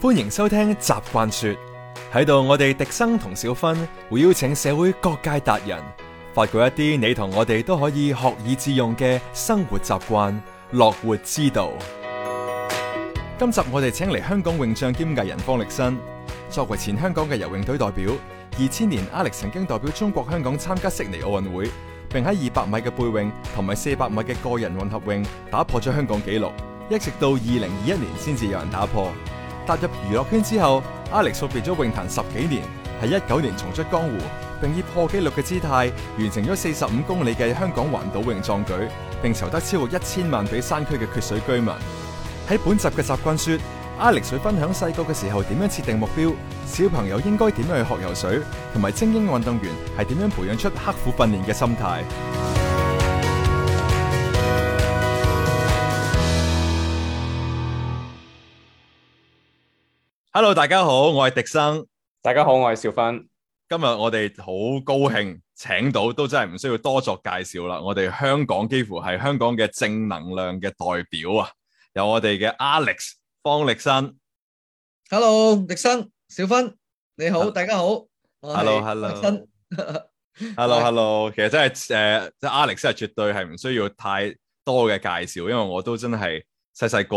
歡迎收聽習慣說，喺度我哋迪生同小芬會邀請社會各界達人，發掘一啲你同我哋都可以學以致用嘅生活習慣、樂活之道。今集我哋請嚟香港泳將兼藝人方力申，作為前香港嘅游泳隊代表，二千年阿力曾經代表中國香港參加悉尼奧運會，並喺二百米嘅背泳同埋四百米嘅個人混合泳打破咗香港紀錄，一直到二零二一年先至有人打破。踏入娛樂圈之後，阿力告別咗泳壇十幾年，喺一九年重出江湖，並以破紀錄嘅姿態完成咗四十五公里嘅香港環島泳壯舉，並籌得超過一千萬俾山區嘅缺水居民。喺本集嘅習慣說，阿力會分享細個嘅時候點樣設定目標，小朋友應該點樣去學游水，同埋精英運動員係點樣培養出刻苦訓練嘅心態。Hello，大家好，我係迪生。大家好，我係小芬。今日我哋好高興，請到都真係唔需要多作介紹啦。我哋香港幾乎係香港嘅正能量嘅代表啊！有我哋嘅 Alex，方力申。Hello，迪生，小芬，你好，hello, 大家好。Hello，Hello，Hello，Hello。其實真係誒，即、uh, 係 Alex 係絕對係唔需要太多嘅介紹，因為我都真係。細細個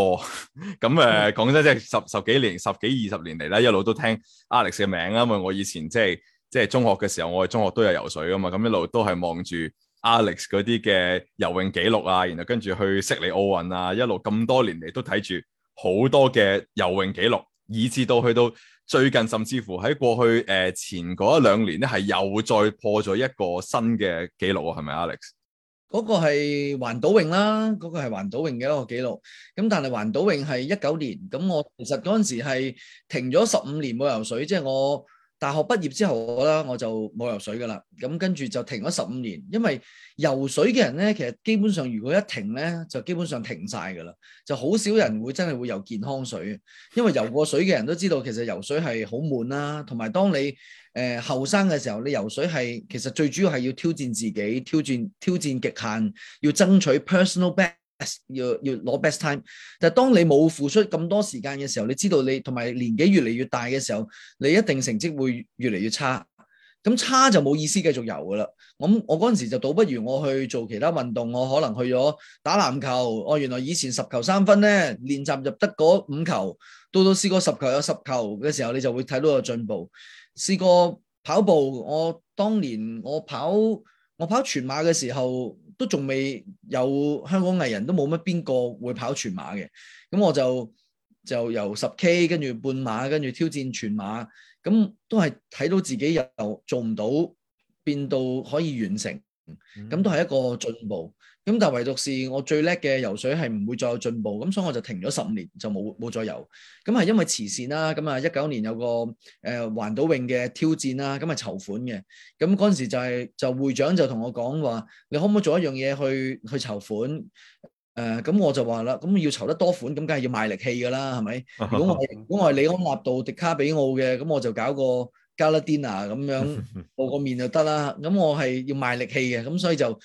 咁誒，講、 嗯、真即係十十幾年、十幾二十年嚟咧，一路都聽 Alex 嘅名啊！因為嘛，我以前即係即係中學嘅時候，我嘅中學都有游水啊嘛，咁一路都係望住 Alex 嗰啲嘅游泳紀錄啊，然後跟住去悉尼奧運啊，一路咁多年嚟都睇住好多嘅游泳紀錄，以至到去到最近，甚至乎喺過去誒、呃、前嗰一兩年咧，係又再破咗一個新嘅紀錄啊！係咪 Alex？嗰個係環島泳啦，嗰個係環島泳嘅一個紀錄。咁但係環島泳係一九年，咁我其實嗰陣時係停咗十五年冇游水，即係我。大學畢業之後啦，我就冇游水噶啦。咁跟住就停咗十五年，因為游水嘅人咧，其實基本上如果一停咧，就基本上停晒噶啦，就好少人會真係會游健康水。因為游過水嘅人都知道，其實游水係好悶啦、啊，同埋當你誒後生嘅時候，你游水係其實最主要係要挑戰自己、挑戰挑戰極限，要爭取 personal best 要要攞 best time，但係當你冇付出咁多時間嘅時候，你知道你同埋年紀越嚟越大嘅時候，你一定成績會越嚟越差。咁差就冇意思繼續游㗎喇。咁我嗰陣時就倒不如我去做其他運動，我可能去咗打籃球。我原來以前十球三分咧，練習入得嗰五球，到到試過十球有十球嘅時候，你就會睇到個進步。試過跑步，我當年我跑我跑全馬嘅時候，都仲未有香港藝人都冇乜邊個會跑全馬嘅，咁我就就由十 K 跟住半馬跟住挑戰全馬，咁都係睇到自己由做唔到變到可以完成，咁都係一個進步。咁但係唯獨是我最叻嘅游水係唔會再有進步，咁所以我就停咗十五年，就冇冇再游。咁係因為慈善啦，咁啊一九年有個誒、呃、環島泳嘅挑戰啦，咁係籌款嘅。咁嗰陣時就係、是、就會長就同我講話，你可唔可以做一樣嘢去去籌款？誒、呃、咁我就話啦，咁要籌得多款，咁梗係要賣力氣㗎啦，係咪？ 如果我係如果我係李安納度迪卡比奧嘅，咁我就搞個 Gala Dina 咁樣露個面就得啦。咁我係要賣力氣嘅，咁所以就。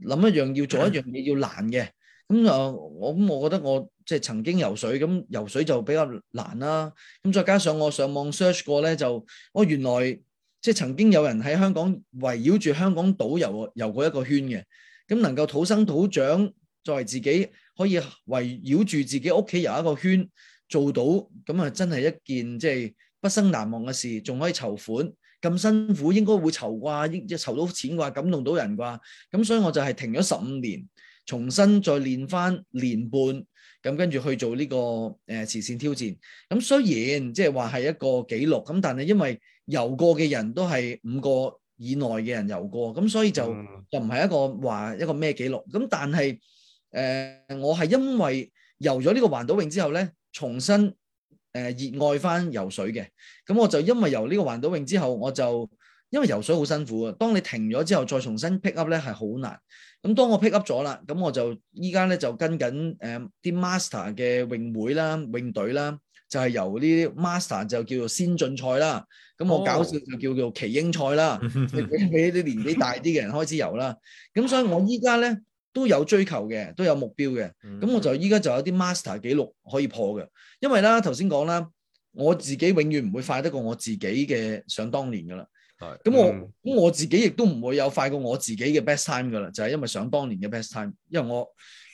諗一樣要做一樣嘢，要難嘅，咁啊、嗯、我咁我覺得我即係、就是、曾經游水，咁游水就比較難啦、啊。咁再加上我上網 search 過咧，就我、哦、原來即係、就是、曾經有人喺香港圍繞住香港島游游過一個圈嘅，咁能夠土生土長作為自己可以圍繞住自己屋企游一個圈做到，咁啊真係一件即係畢生難忘嘅事，仲可以籌款。咁辛苦應該會籌啩，即籌到錢啩，感動到人啩。咁所以我就係停咗十五年，重新再練翻年半，咁跟住去做呢個誒慈善挑戰。咁雖然即係話係一個紀錄，咁但係因為遊過嘅人都係五個以內嘅人遊過，咁所以就就唔係一個話一個咩記錄。咁但係誒、呃，我係因為遊咗呢個環島泳之後咧，重新。誒、呃、熱愛翻游水嘅，咁我就因為由呢個環島泳之後，我就因為游水好辛苦啊。當你停咗之後，再重新 pick up 咧係好難。咁當我 pick up 咗啦，咁我就依家咧就跟緊誒啲 master 嘅泳會啦、泳隊啦，就係由呢啲 master 就叫做先進賽啦。咁我搞笑就叫做耆英賽啦，俾啲、oh. 年紀大啲嘅人開始游啦。咁所以我依家咧。都有追求嘅，都有目標嘅。咁、嗯、我就依家就有啲 master 記錄可以破嘅。因為啦，頭先講啦，我自己永遠唔會快得過我自己嘅，想當年噶啦。係、嗯。咁我咁我自己亦都唔會有快過我自己嘅 best time 噶啦，就係、是、因為想當年嘅 best time。因為我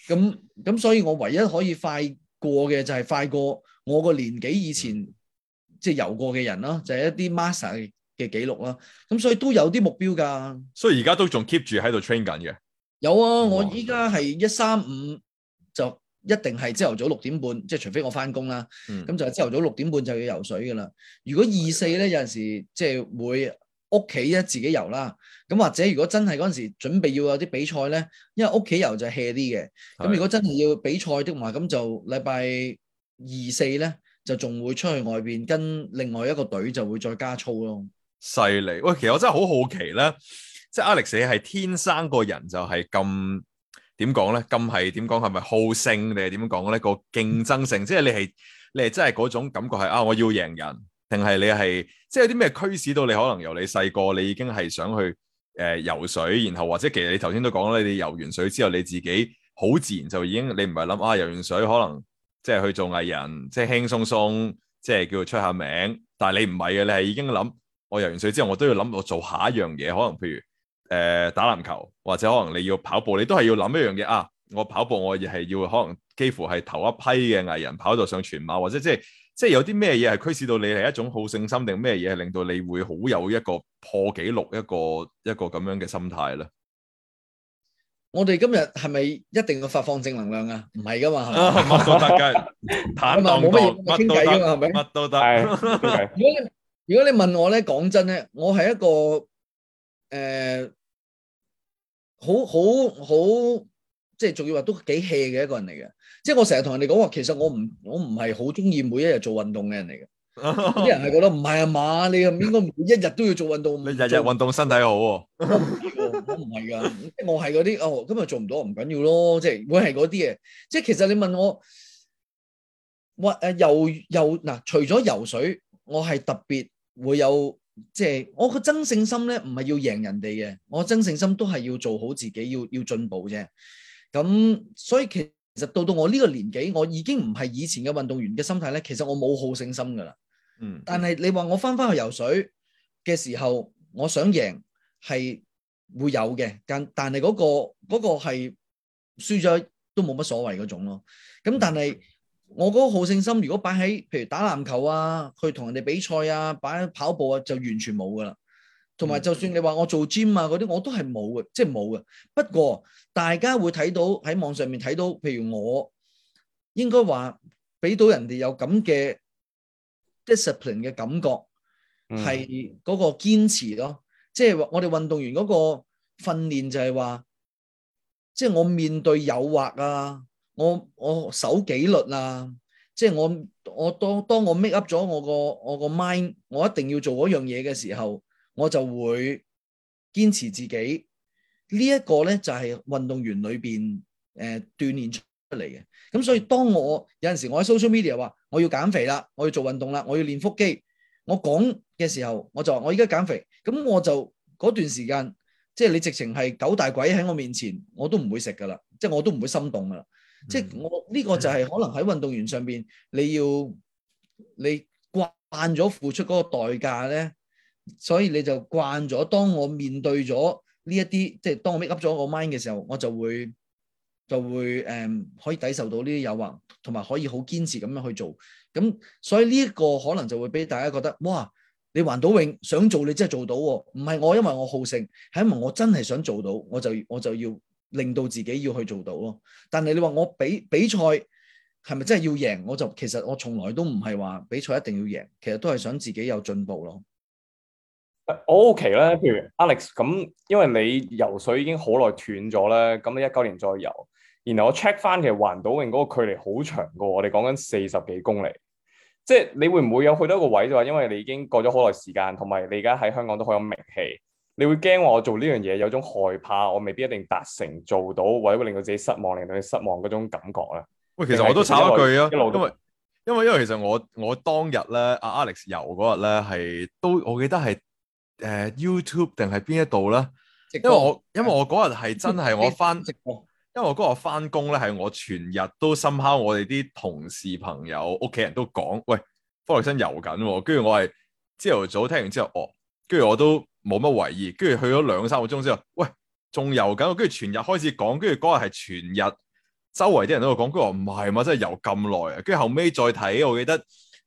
咁咁，所以我唯一可以快過嘅就係快過我個年紀以前即係遊過嘅人啦，就係、是、一啲 master 嘅記錄啦。咁所以都有啲目標㗎。所以而家都仲 keep 住喺度 train 緊嘅。有啊，哇我依家係一三五就一定係朝頭早六點半，即係除非我翻工啦，咁、嗯、就朝頭早六點半就要游水噶啦。如果二四咧，有陣時即係會屋企咧自己游啦。咁或者如果真係嗰陣時準備要有啲比賽咧，因為屋企游就 hea 啲嘅。咁的如果真係要比賽的話，咁就禮拜二四咧就仲會出去外邊跟另外一個隊就會再加操咯。犀利，喂，其實我真係好好奇咧。即係 Alex 你係天生個人就係咁，點講咧？咁係點講，係咪好勝？你係點講咧？個競爭性，即係你係你係真係嗰種感覺係啊！我要贏人，定係你係即係有啲咩驅使到你可能由你細個你已經係想去誒游水，然後或者其實你頭先都講啦，你游完水之後你自己好自然就已經你唔係諗啊，游完水可能即係去做藝人，即係輕鬆鬆即係叫佢出下名，但係你唔係嘅，你係已經諗我游完水之後我都要諗我做下一樣嘢，可能譬如。誒，打籃球或者可能你要跑步，你都係要諗一樣嘢啊！我跑步，我亦係要可能幾乎係頭一批嘅藝人跑到上全馬，或者即係即係有啲咩嘢係驅使到你係一種好勝心，定咩嘢令到你會好有一個破紀錄一個一個咁樣嘅心態咧？我哋今日係咪一定要發放正能量啊？唔係噶嘛，坦白。冇乜嘢傾偈噶嘛，係咪？乜都得。如果你如果你問我咧，講真咧，我係一個誒。好好好，即係仲要話都幾 hea 嘅一個人嚟嘅。即係我成日同人哋講話，其實我唔我唔係好中意每一日做運動嘅人嚟嘅，啲 人係覺得唔係啊嘛，你又應該每一日都要做運動。 做你日日運動身體好喎，哦， 我唔係噶，我係嗰啲哦，今日做唔到唔緊要咯，即係會係嗰啲嘢。即係其實你問我，或誒游游嗱，除咗游水，我係特別會有。即係我個爭勝心咧，唔係要贏人哋嘅，我爭勝心都係要做好自己，要要進步啫。咁所以其實到到我呢個年紀，我已經唔係以前嘅運動員嘅心態咧。其實我冇好勝心噶啦。嗯。但係你話我翻翻去游水嘅時候，我想贏係會有嘅，但但係嗰個嗰個係輸咗都冇乜所謂嗰種咯。咁但係。我嗰個好勝心，如果擺喺譬如打籃球啊，去同人哋比賽啊，擺喺跑步啊，就完全冇噶啦。同埋就算你話我做 gym 啊嗰啲，我都係冇嘅，即係冇嘅。不過大家會睇到喺網上面睇到，譬如我應該話俾到人哋有咁嘅 discipline 嘅感覺，係嗰個堅持咯。即係、嗯、我我哋運動員嗰個訓練就係話，即係我面對誘惑啊。我我守紀律啦、啊，即係我我當當我 make up 咗我個我個 mind，我一定要做嗰樣嘢嘅時候，我就會堅持自己。呢、這、一個咧就係運動員裏邊誒鍛鍊出嚟嘅。咁所以當我有陣時我喺 social media 話我要減肥啦，我要做運動啦，我要練腹肌，我講嘅時候我就話我而家減肥，咁我就嗰段時間即係你直情係九大鬼喺我面前，我都唔會食噶啦，即係我都唔會心動噶啦。嗯、即係我呢、呢個就係可能喺運動員上邊，你要你慣咗付出嗰個代價咧，所以你就慣咗。當我面對咗呢一啲，即係當我 make up 咗個 mind 嘅時候，我就會就會誒、嗯、可以抵受到呢啲誘惑，同埋可以好堅持咁樣去做。咁所以呢一個可能就會俾大家覺得，哇！你環島泳想做你真係做到喎、哦，唔係我因為我好勝，係因為我真係想做到，我就我就要。令到自己要去做到咯，但係你話我比比賽係咪真係要贏？我就其實我從來都唔係話比賽一定要贏，其實都係想自己有進步咯。誒，我好奇咧，譬如 Alex 咁，因為你游水已經好耐斷咗啦，咁你一九年再游，然後我 check 翻其實環島泳嗰個距離好長噶，我哋講緊四十幾公里，即係你會唔會有去到一個位就話，因為你已經過咗好耐時間，同埋你而家喺香港都好有名氣。你會驚我做呢樣嘢有種害怕，我未必一定達成做到，或者會令到自己失望，令到你失望嗰種感覺咧？喂，其實，其實我都插一句啊，因為因為因為其實我我當日咧阿 Alex 游嗰日咧係都我記得係誒、uh, YouTube 定係邊一度咧？因為我因為我嗰日係真係我翻直播，因為我嗰日翻工咧係我全日都深刻，我哋啲同事、朋友、屋企人都講，喂，方力申游緊，跟住我係朝頭早聽完之後，哦。跟住我都冇乜懷疑。跟住去咗兩三個鐘之後，喂，仲游緊，跟住全日開始講，跟住嗰日係全日，周圍啲人都喺度講，佢話唔係嘛，真係游咁耐啊！跟住後尾再睇，我記得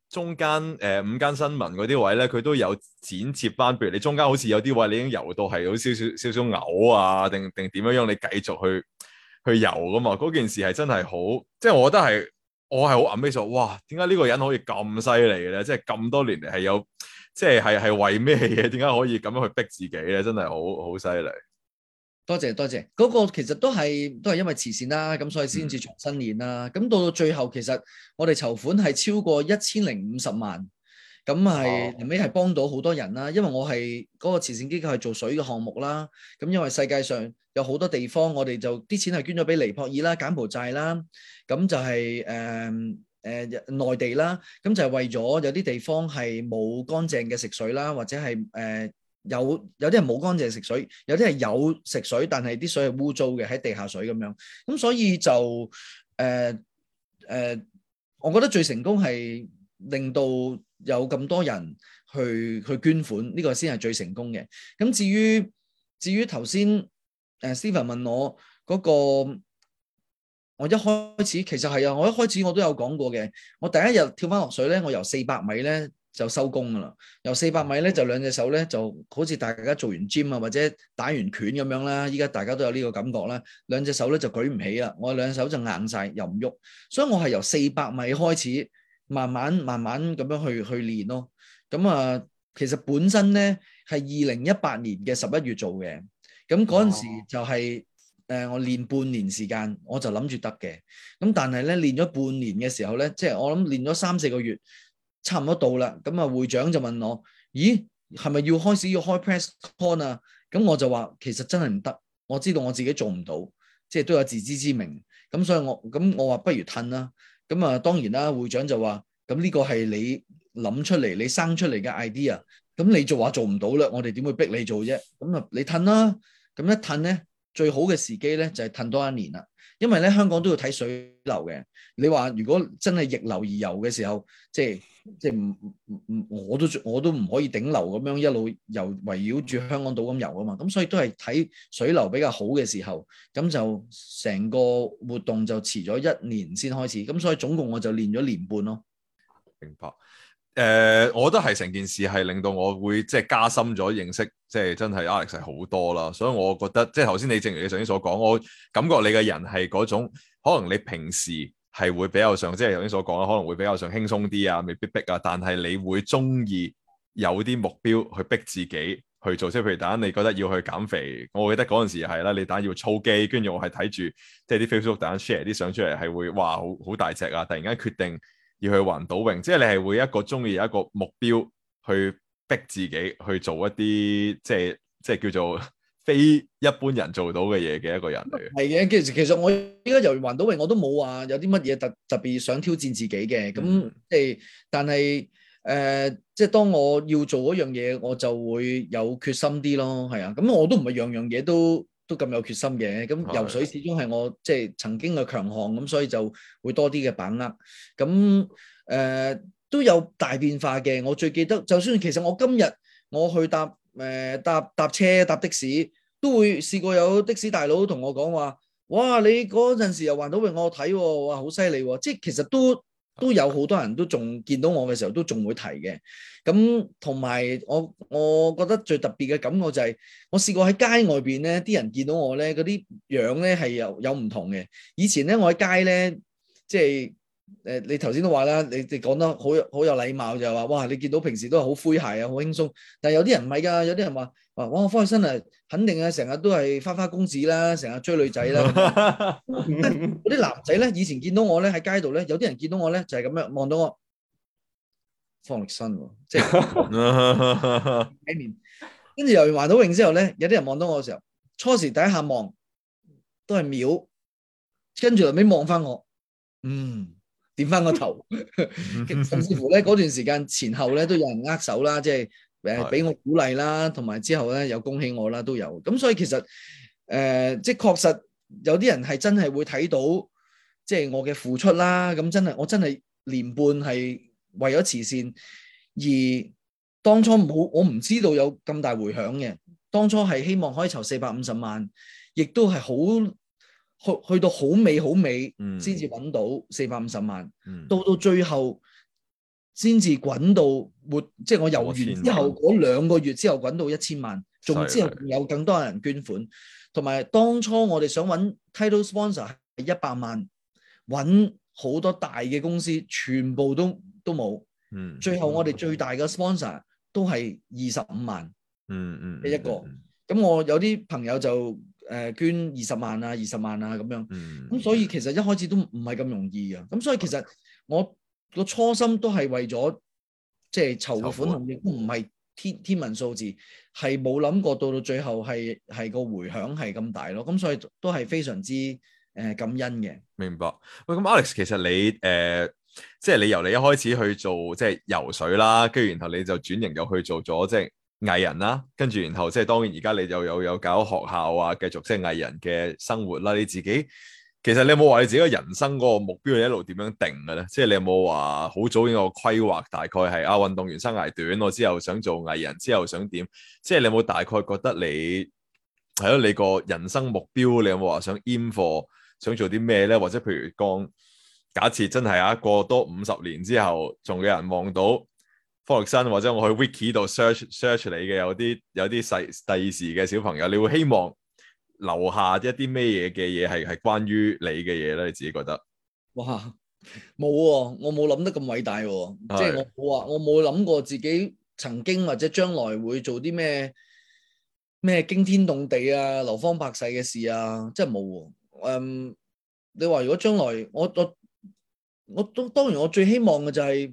中間誒、呃、五間新聞嗰啲位咧，佢都有剪切翻，譬如你中間好似有啲位你已經游到係有少少少少嘔啊，定定點樣樣你繼續去去游噶嘛？嗰件事係真係好，即係我覺得係我係好 amaze 哇！點解呢個人可以咁犀利嘅咧？即係咁多年嚟係有。即係係係為咩嘢，點解可以咁樣去逼自己咧？真係好好犀利！多謝多謝嗰個，其實都係都係因為慈善啦，咁所以先至重新練啦。咁到、嗯、到最後，其實我哋籌款係超過一千零五十萬，咁係、啊、後尾係幫到好多人啦。因為我係嗰、嗰個慈善機構係做水嘅項目啦，咁因為世界上有好多地方我，我哋就啲錢係捐咗俾尼泊爾啦、柬埔寨啦，咁就係、係、誒。嗯誒、呃、內地啦，咁、嗯、就係、是、為咗有啲地方係冇乾淨嘅食水啦，或者係誒、呃、有有啲人冇乾淨食水，有啲係有食水，但係啲水係污糟嘅，喺地下水咁樣。咁、嗯、所以就誒誒、呃呃，我覺得最成功係令到有咁多人去去捐款，呢、這個先係最成功嘅。咁、嗯、至於至於頭先誒廸生問我嗰、那個。我一開始其實係啊，我一開始我都有講過嘅。我第一日跳翻落水咧，我由四百米咧就收工㗎啦。由四百米咧就兩隻手咧就好似大家做完 gym 啊或者打完拳咁樣啦。依家大家都有呢個感覺啦，兩隻手咧就舉唔起啊，我兩隻手就硬晒，又唔喐，所以我係由四百米開始慢慢慢慢咁樣去去練咯。咁、嗯、啊，其實本身咧係二零一八年嘅十一月做嘅，咁嗰陣時就係、是。哦。誒，我練半年時間，我就諗住得嘅。咁但係咧，練咗半年嘅時候咧，即係我諗練咗三四個月，差唔多到啦。咁啊，會長就問我：咦，係咪要開始要開 press con 啊？咁我就話：其實真係唔得，我知道我自己做唔到，即係都有自知之明。咁所以我，咁我話不如褪啦。咁啊，當然啦，會長就話：咁呢個係你諗出嚟，你生出嚟嘅 idea。咁你就話做唔到啦，我哋點會逼你做啫？咁啊，你褪啦。咁一褪咧。最好嘅時機咧就係褪多一年啦，因為咧香港都要睇水流嘅。你話如果真係逆流而遊嘅時候，即係即係唔唔唔，我都我都唔可以頂流咁樣一路遊圍繞住香港島咁遊啊嘛。咁所以都係睇水流比較好嘅時候，咁就成個活動就遲咗一年先開始。咁所以總共我就練咗年半咯。明白。誒，uh, 我覺得係成件事係令到我會即係加深咗認識，即係真係 Alex 好多啦，所以我覺得即係頭先你正如你頭先所講，我感覺你嘅人係嗰種，可能你平時係會比較上，即係頭先所講啦，可能會比較上輕鬆啲啊，未必逼啊，但係你會中意有啲目標去逼自己去做，即係譬如突然你覺得要去減肥，我記得嗰陣時係啦，你突然要操肌，跟住我係睇住即係啲 Facebook 突然 share 啲相出嚟，係會哇好好大隻啊，突然間決定。要去環島泳，即係你係會一個中意一個目標去逼自己去做一啲即係即係叫做非一般人做到嘅嘢嘅一個人嚟嘅。係嘅，其實其實我依家由於環島泳我都冇話有啲乜嘢特特別想挑戰自己嘅，咁即係但係誒、呃，即係當我要做嗰樣嘢，我就會有決心啲咯，係啊，咁我都唔係樣樣嘢都。都咁有決心嘅，咁游水始終係我即係、就是、曾經嘅強項，咁所以就會多啲嘅把握。咁誒、呃、都有大變化嘅。我最記得，就算其實我今日我去搭誒、呃、搭搭車搭的士，都會試過有的士大佬同我講話：「哇！你嗰陣時又環島泳畀我睇，哇好犀利喎！即係其實都。都有好多人都仲見到我嘅時候都仲會提嘅，咁同埋我我覺得最特別嘅感覺就係我試過喺街外邊咧，啲人見到我咧嗰啲樣咧係有有唔同嘅。以前咧我喺街咧，即係誒你頭先都話啦，你你講得好有好有禮貌就係話，哇！你見到平時都係好詼諧啊，好輕鬆，但係有啲人唔係㗎，有啲人話，哇！我、哦、方力申啊，肯定啊，成日都係花花公子啦，成日追女仔啦。嗰啲 男仔咧，以前見到我咧，喺街度咧，有啲人見到我咧，就係、是、咁樣望到我。方力申、啊，即係喺面。跟住 由完環島泳之後咧，有啲人望到我嘅時候，初時第一下望都係秒，跟住後尾望翻我，嗯，點翻個頭，甚至乎咧嗰段時間前後咧都有人握手啦，即係。誒俾我鼓勵啦，同埋之後咧有恭喜我啦，都有。咁所以其實誒，即係確實有啲人係真係會睇到，即係我嘅付出啦。咁真係我真係年半係為咗慈善，而當初冇，我唔知道有咁大迴響嘅。當初係希望可以籌四百五十萬，亦都係好去去到好尾好尾先至揾到四百五十萬。到、嗯、到最後。先至滾到活，即係我游完之後嗰兩個月之後滾到一千萬，仲之後有更多人捐款，同埋的當初我哋想揾 title sponsor 係一百萬，揾好多大嘅公司，全部都都冇。嗯，最後我哋最大嘅 sponsor 都係二十五萬。嗯嗯，一個咁我有啲朋友就誒捐二十萬啊，二十萬啊咁樣。嗯，咁所以其實一開始都唔係咁容易嘅。咁所以其實我。個初心都係為咗即係籌款，亦都唔係天天文數字，係冇諗過到到最後係係個迴響係咁大咯。咁所以都係非常之誒、呃、感恩嘅。明白，喂，咁 Alex 其實你誒即係你由你一開始去做即係、就是、游水啦，跟住然後你就轉型又去做咗即係藝人啦，跟住然後即係當然而家你又有有搞學校啊，繼續即係藝人嘅生活啦，你自己。其實你有冇話你自己個人生嗰個目標你一路點樣定嘅咧？即係你有冇話好早有個規劃，大概係啊運動員生涯短，我之後想做藝人，之後想點？即係你有冇大概覺得你係咯？你個人生目標你有冇話想腌貨？想做啲咩咧？或者譬如講，假設真係啊，過多五十年之後，仲有人望到方力申，或者我去 Wiki 度 search search 你嘅有啲有啲細第二時嘅小朋友，你會希望？留下一啲咩嘢嘅嘢係係關於你嘅嘢咧？你自己覺得？哇，冇喎、啊，我冇諗得咁偉大喎、啊，即係的我冇話我冇諗過自己曾經或者將來會做啲咩咩驚天動地啊、流芳百世嘅事啊，即係冇喎。你話如果將來我我我都當然我最希望嘅就係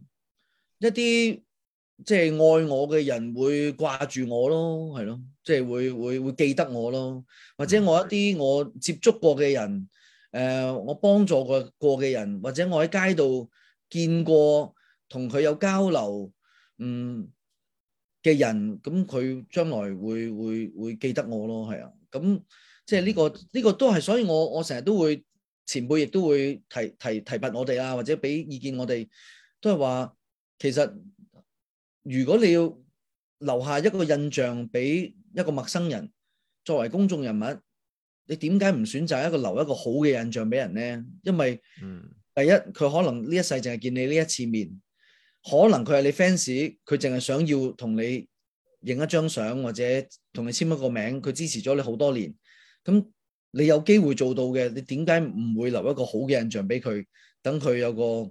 一啲即係愛我嘅人會掛住我咯，係咯。即係會會會記得我咯，或者我一啲我接觸過嘅人，誒，我幫助過過嘅人，或者我喺街度見過同佢有交流，嗯嘅人，咁佢將來會會會記得我咯，係啊，咁即係呢個呢個都係，所以我我成日都會前輩亦都會提提提拔我哋啊，或者俾意見我哋，都係話其實如果你要留下一個印象俾，一個陌生人作為公眾人物，你點解唔選擇一個留一個好嘅印象俾人咧？因為第一，佢可能呢一世淨係見你呢一次面，可能佢係你 fans，佢淨係想要同你影一張相，或者同你簽一個名，佢支持咗你好多年。咁你有機會做到嘅，你點解唔會留一個好嘅印象俾佢？等佢有個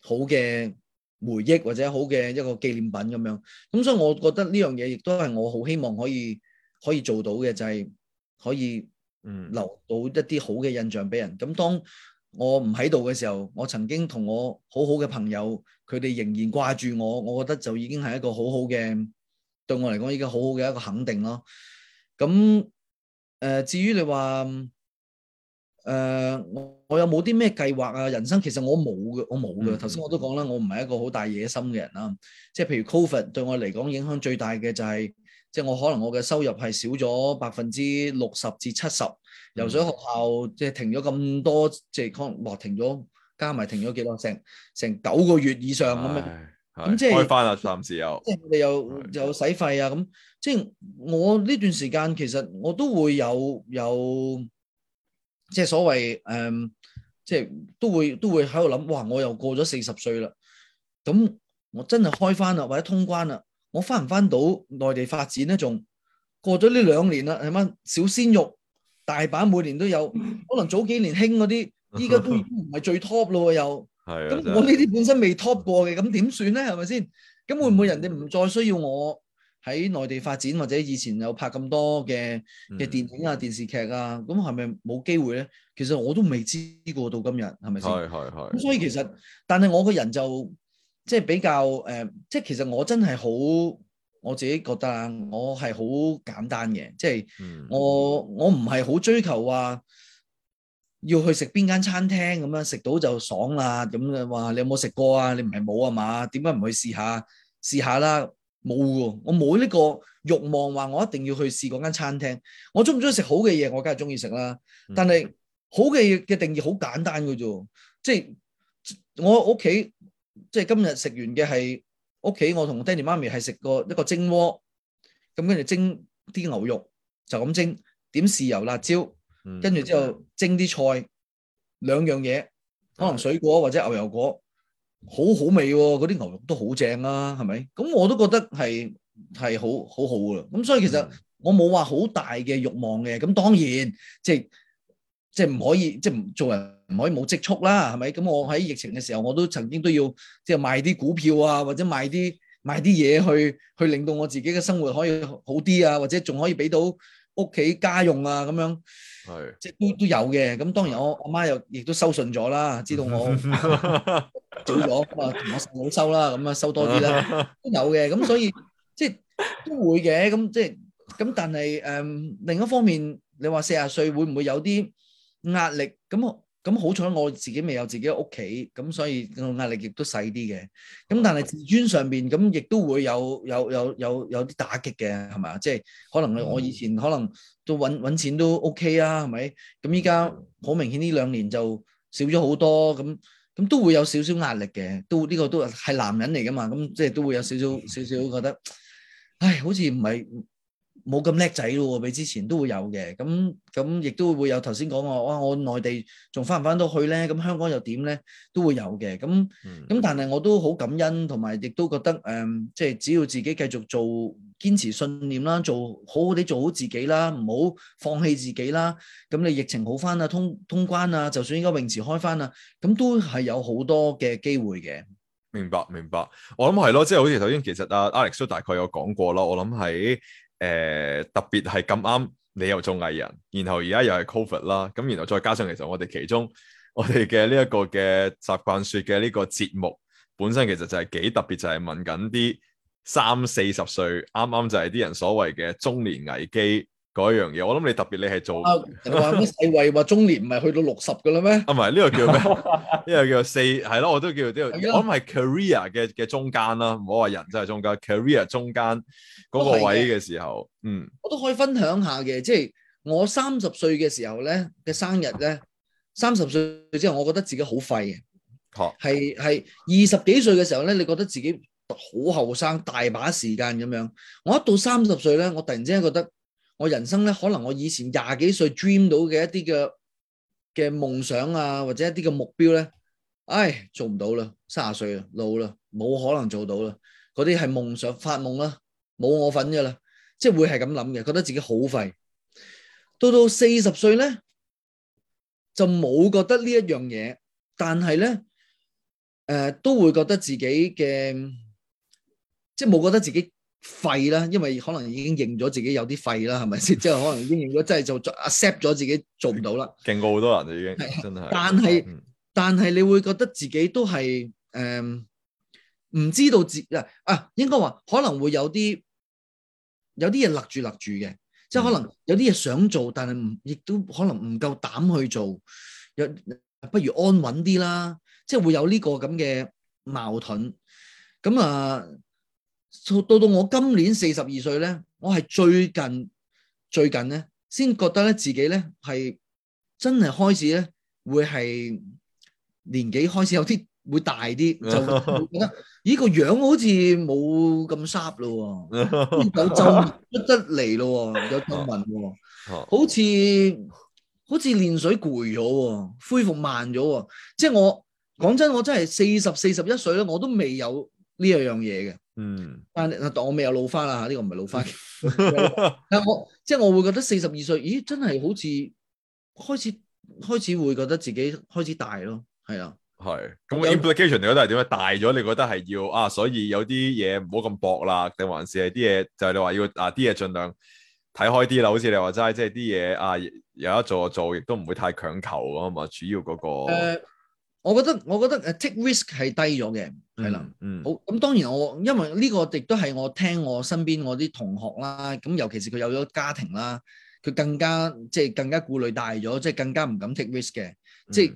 好嘅。回憶或者好嘅一個紀念品咁樣，咁所以我覺得呢樣嘢亦都係我好希望可以可以做到嘅，就係、是，可以嗯留到一啲好嘅印象俾人。咁當我唔喺度嘅時候，我曾經同我好好嘅朋友，佢哋仍然掛住我，我覺得就已經係一個好好嘅，對我嚟講已經好好嘅一個肯定咯。咁誒、呃，至於你話，誒，uh, 我有冇啲咩計劃啊？人生其實我冇嘅，我冇嘅。頭先、嗯、我都講啦，我唔係一個好大野心嘅人啦。即係譬如 Covid 對我嚟講影響最大嘅就係、是，即係我可能我嘅收入係少咗百分之六十至七十。游水學校即係停咗咁多，即係可能話停咗，加埋停咗幾多成成九個月以上咁樣。咁即係開翻啦，暫時又即係我哋又有使費啊咁。即係我呢段時間其實我都會有有。有有有有即係所謂誒、嗯，即係都會都會喺度諗，哇！我又過咗四十歲啦，咁我真係開翻啦，或者通關啦，我翻唔翻到內地發展咧？仲過咗呢兩年啦，係嘛？小鮮肉大把，每年都有，可能早幾年興嗰啲，依家都已經唔係最 top 咯， 又咁 我呢啲本身未 top 過嘅，咁點算咧？係咪先？咁會唔會人哋唔再需要我？喺內地發展或者以前有拍咁多嘅嘅電影啊、嗯、電視劇啊，咁係咪冇機會咧？其實我都未知過到今日，係咪先？係係係。所以其實，但係我個人就即係比較誒、呃，即係其實我真係好，我自己覺得啊我係好簡單嘅，即係我我唔係好追求話要去食邊間餐廳咁樣食到就爽啦，咁話你有冇食過啊？你唔係冇啊嘛？點解唔去試下試下啦？冇喎，我冇呢個慾望話，我一定要去試嗰間餐廳。我鍾唔鍾意食好嘅嘢，我梗係鍾意食啦。但係好嘅嘢嘅定義好簡單嘅啫，即係我屋企即係今日食完嘅係屋企，我同爹哋媽咪係食過一個蒸鍋，咁跟住蒸啲牛肉就咁蒸，點豉油辣椒，跟住之後蒸啲菜，兩樣嘢可能水果或者牛油果。好好味喎、啊，嗰啲牛肉都好正啦、啊，係咪？咁我都覺得係係好好好噶啦。咁所以其實我冇話好大嘅慾望嘅。咁當然即係即係唔可以即係唔做人唔可以冇積蓄啦，係咪？咁我喺疫情嘅時候，我都曾經都要即係、即係、賣啲股票啊，或者賣啲賣啲嘢，去去令到我自己嘅生活可以好啲啊，或者仲可以俾到屋企家用啊咁樣。係，即係都都有嘅。咁當然我阿媽又亦都收信咗啦，知道我 早咗咁啊，同我細佬收啦，咁啊收多啲啦，都有嘅。咁所以即係、就是、都會嘅。咁即係咁，就是、但係誒、呃，另一方面，你話四十歲會唔會有啲壓力咁咁好彩我自己未有自己屋企，咁所以個壓力亦都細啲嘅。咁但係自尊上面咁亦都會有有有有有啲打擊嘅，係咪？即係可能我以前可能都揾揾錢都 OK 啊，係咪？咁依家好明顯呢兩年就少咗好多，咁咁都會有少少壓力嘅。都呢個都係男人嚟噶嘛，咁即係都會有少少少少覺得，唉，好似唔係。冇咁叻仔咯喎，比之前都會有嘅。咁咁亦都會有頭先講話，哇！我內地仲翻唔翻到去咧？咁香港又點咧？都會有嘅。咁咁、嗯、但係我都好感恩，同埋亦都覺得誒，即、呃、係、就是、只要自己繼續做，堅持信念啦，做好好啲，做好自己啦，唔好放棄自己啦。咁你疫情好翻啊，通通關啊，就算應該泳池開翻啊，咁都係有好多嘅機會嘅。明白明白，我諗係咯，即、就、係、是、好似頭先其實阿、啊、Alex 都大概有講過啦，我諗係。誒、呃、特別係咁啱，你又做藝人，然後而家又係 COVID 啦，咁然後再加上其實我哋其中我哋嘅呢一個嘅習慣説嘅呢個節目本身其實就係幾特別，就係、是、問緊啲三四十歲啱啱就係啲人所謂嘅中年危機。嗰一樣嘢，我諗你特別，你係做 啊！我話啲世衞話中年唔係去到六十嘅啦咩？啊唔係，呢、呢個叫咩？呢 個叫四係咯，我都叫呢、呢個。的我諗係 career 嘅嘅中間啦，唔好話人真係中間，career 中間嗰個位嘅時候，嗯，我都可以分享下嘅，即係我三十歲嘅時候咧嘅生日咧，三十歲之後，我覺得自己好廢嘅，係係二十幾歲嘅時候咧，你覺得自己好後生，大把時間咁樣，我一到三十歲咧，我突然之間覺得。我人生咧，可能我以前廿幾歲 dream 到嘅一啲嘅嘅夢想啊，或者一啲嘅目標咧，唉，做唔到啦，卅歲啦，老啦，冇可能做到啦。嗰啲係夢想，發夢啦，冇我份噶啦，即係會係咁諗嘅，覺得自己好廢。到到四十歲咧，就冇覺得呢一樣嘢，但係咧，誒、呃、都會覺得自己嘅，即係冇覺得自己。廢啦，因為可能已經認咗自己有啲廢啦，係咪先？之後 可能已經認咗，真係就 accept 咗自己做唔到啦。勁過好多人啦，已經真係。 但係、嗯、但係你會覺得自己都係誒，唔、嗯、知道自啊啊，應該話可能會有啲有啲嘢勒住勒住嘅，即係可能有啲嘢想做，但係唔亦都可能唔夠膽去做，有不如安穩啲啦，即係會有呢個咁嘅矛盾。咁啊。到到我今年四十二歲咧，我係最近最近咧，先覺得咧自己咧係真係開始咧會係年紀開始有啲會大啲，就覺得咦 個樣好似冇咁 sharp 咯，有皺紋出得嚟咯，有皺紋，好似好似練水攰咗，恢復慢咗，即係我講真，我真係四十四十一歲咧，我都未有呢兩樣嘢嘅。嗯，但我未有老花啦呢、這個唔係老花。 但我即係我會覺得四十二歲，咦，真係好似開始開始會覺得自己開始大咯，係啊。係，咁、那個 implication 你覺得係點樣？大咗，你覺得係要啊？所以有啲嘢唔好咁搏啦，定還是係啲嘢就係、是、你話要啊？啲嘢盡量睇開啲啦。好似你話齋，即係啲嘢啊，有得做就做，亦都唔會太強求啊嘛。主要嗰、那個。呃我覺得我覺得誒 take risk 係低咗嘅，係啦、嗯，嗯好，咁當然我因為呢個亦都係我聽我身邊我啲同學啦，咁尤其是佢有咗家庭啦，佢更加即係更加顧慮大咗，即係更加唔敢 take risk 嘅，嗯、即係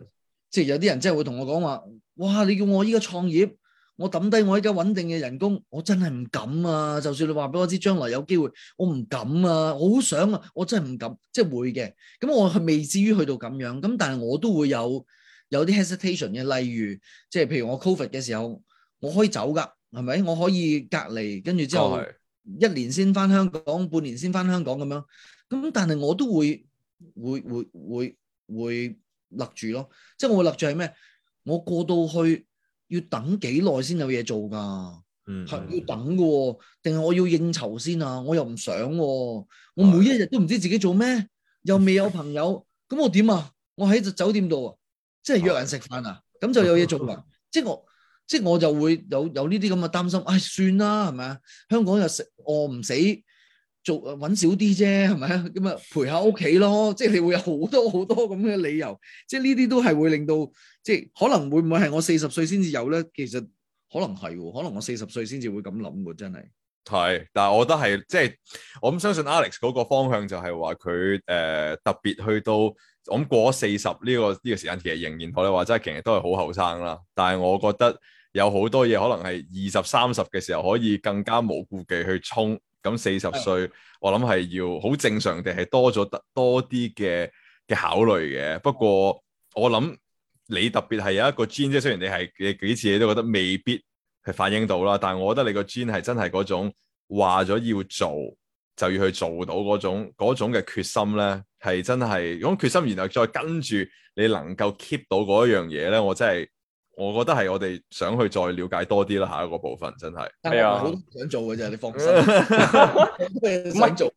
即係有啲人即係會同我講話，哇！你叫我依家創業，我抌低我依家穩定嘅人工，我真係唔敢啊！就算你話俾我知將來有機會，我唔敢啊！我好想啊，我真係唔敢，即係會嘅。咁我係未至於去到咁樣，咁但係我都會有。有啲 hesitation 嘅，例如即係譬如我 COVID 嘅時候，我可以走噶，係咪？我可以隔離，跟住之後的一年先翻香港，半年先翻香港咁樣。咁但係我都會會會會會立住咯。即係我會立住係咩？我過到去要等幾耐先有嘢做㗎，係的要等嘅、哦，定係我要應酬先啊？我又唔想、哦，我每一日都唔知自己做咩，的又未有朋友，咁的我點啊？我喺酒店度啊！即係約人食飯啊，咁就有嘢做啦。 即係我，即係我就會有有呢啲咁嘅擔心。唉、哎，算啦，係咪啊？香港又食，餓唔死，做，做搵少啲啫，係咪啊？咁啊，陪下屋企咯。即係你會有好多好多咁嘅理由。即係呢啲都係會令到，即係可能會唔會係我四十歲先至有咧？其實可能係喎，可能我四十歲先至會咁諗喎，真係。係，但係我覺得係，即係我諗相信 Alex 嗰個方向就係話佢，誒特別去到我過咗四十呢個呢個時間，其實仍然我哋話話齋其實都係好後生啦。但係我覺得有好多嘢可能係二十三十嘅時候可以更加冇顧忌去衝，咁四十歲我諗係要好正常地係多咗多啲嘅嘅考慮嘅。不過我諗你特別係有一個 gene 啫，雖然你係嘅幾次你都覺得未必。係反映到啦，但係我覺得你個專係真係嗰種話咗要做就要去做到嗰種嗰種嘅決心咧，係真係嗰種決心，然後再跟住你能夠 keep 到嗰一樣嘢咧，我真係我覺得係我哋想去再了解多啲啦，下一個部分真係係啊，好想做嘅啫，你放心，唔想做。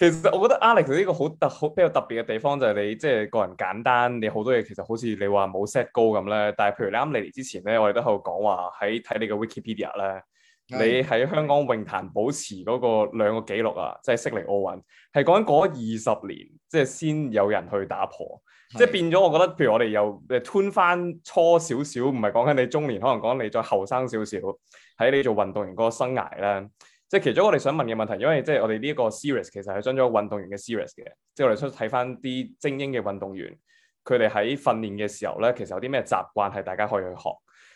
其實我覺得 Alex 呢個好特好比較特別嘅地方就係你即係、就是、個人簡單，你好多嘢其實好似你話冇 set goal 咁咧。但係譬如你啱嚟之前咧，我哋都喺度講話喺睇你嘅 Wikipedia 咧，的你喺香港泳壇保持嗰個兩個紀錄啊，即係悉尼奧運係講緊嗰二十年，即、就、係、是、先有人去打破，即係的變咗。我覺得譬如我哋又 turn 翻初少少，唔係講緊你中年，可能講你再後生少少喺你做運動員嗰個生涯咧。即係其中我哋想問嘅問題，因為即係我哋呢一個 series 其實係將咗運動員嘅 series 嘅，即係我哋想睇翻啲精英嘅運動員，佢哋喺訓練嘅時候咧，其實有啲咩習慣係大家可以去學。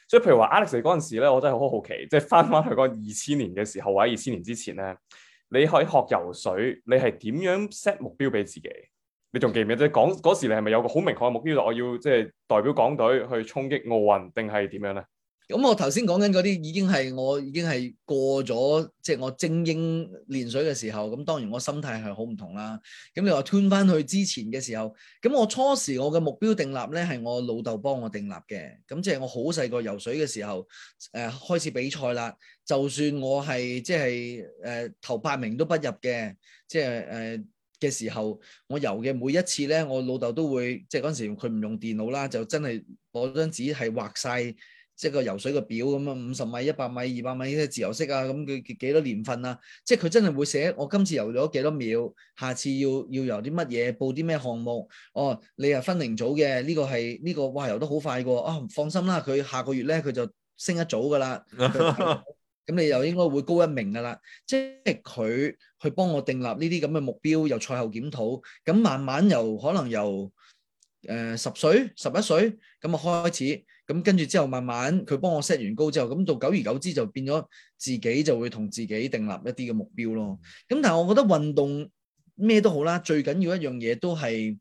所以譬如話 Alex 嗰陣時咧，我真係好好奇，即係翻翻去嗰二千年嘅時候或者二千年之前咧，你可以學游水，你係點樣 set 目標俾自己？你仲記唔記得？講嗰時你係咪有個好明確嘅目標？我要即係代表港隊去衝擊奧運定係點樣咧？咁我頭先講緊嗰啲已經係，我已經係過咗，即係我精英練水嘅時候。咁當然我心態係好唔同啦。咁你話穿翻去之前嘅時候，咁我初時我嘅目標訂立咧係我老豆幫我訂立嘅。咁即係我好細個游水嘅時候，誒開始比賽啦。就算我係即係誒頭八名都不入嘅，即係誒嘅時候，我遊嘅每一次咧，我老豆都會即係嗰陣時佢唔用電腦啦，就真係攞張紙係畫晒。即係個游水嘅表咁樣，五十米、一百米、二百米，依啲自由式啊，咁佢幾多年份啊？即係佢真係會寫，我今次游咗幾多秒，下次要要游啲乜嘢，報啲咩項目？哦，你係分零組嘅，呢、這個係呢、這個哇游得好快喎！啊、哦，放心啦，佢下個月咧佢就升一組噶啦，咁 你又應該會高一名噶啦。即係佢去幫我訂立呢啲咁嘅目標，由賽後檢討，咁慢慢由可能由誒十歲、十一歲咁啊開始。咁跟住之後，慢慢佢幫我 set 完高之後，咁到久而久之就變咗自己就會同自己訂立一啲嘅目標咯。咁、嗯、但係我覺得運動咩都好啦，最緊要一樣嘢都係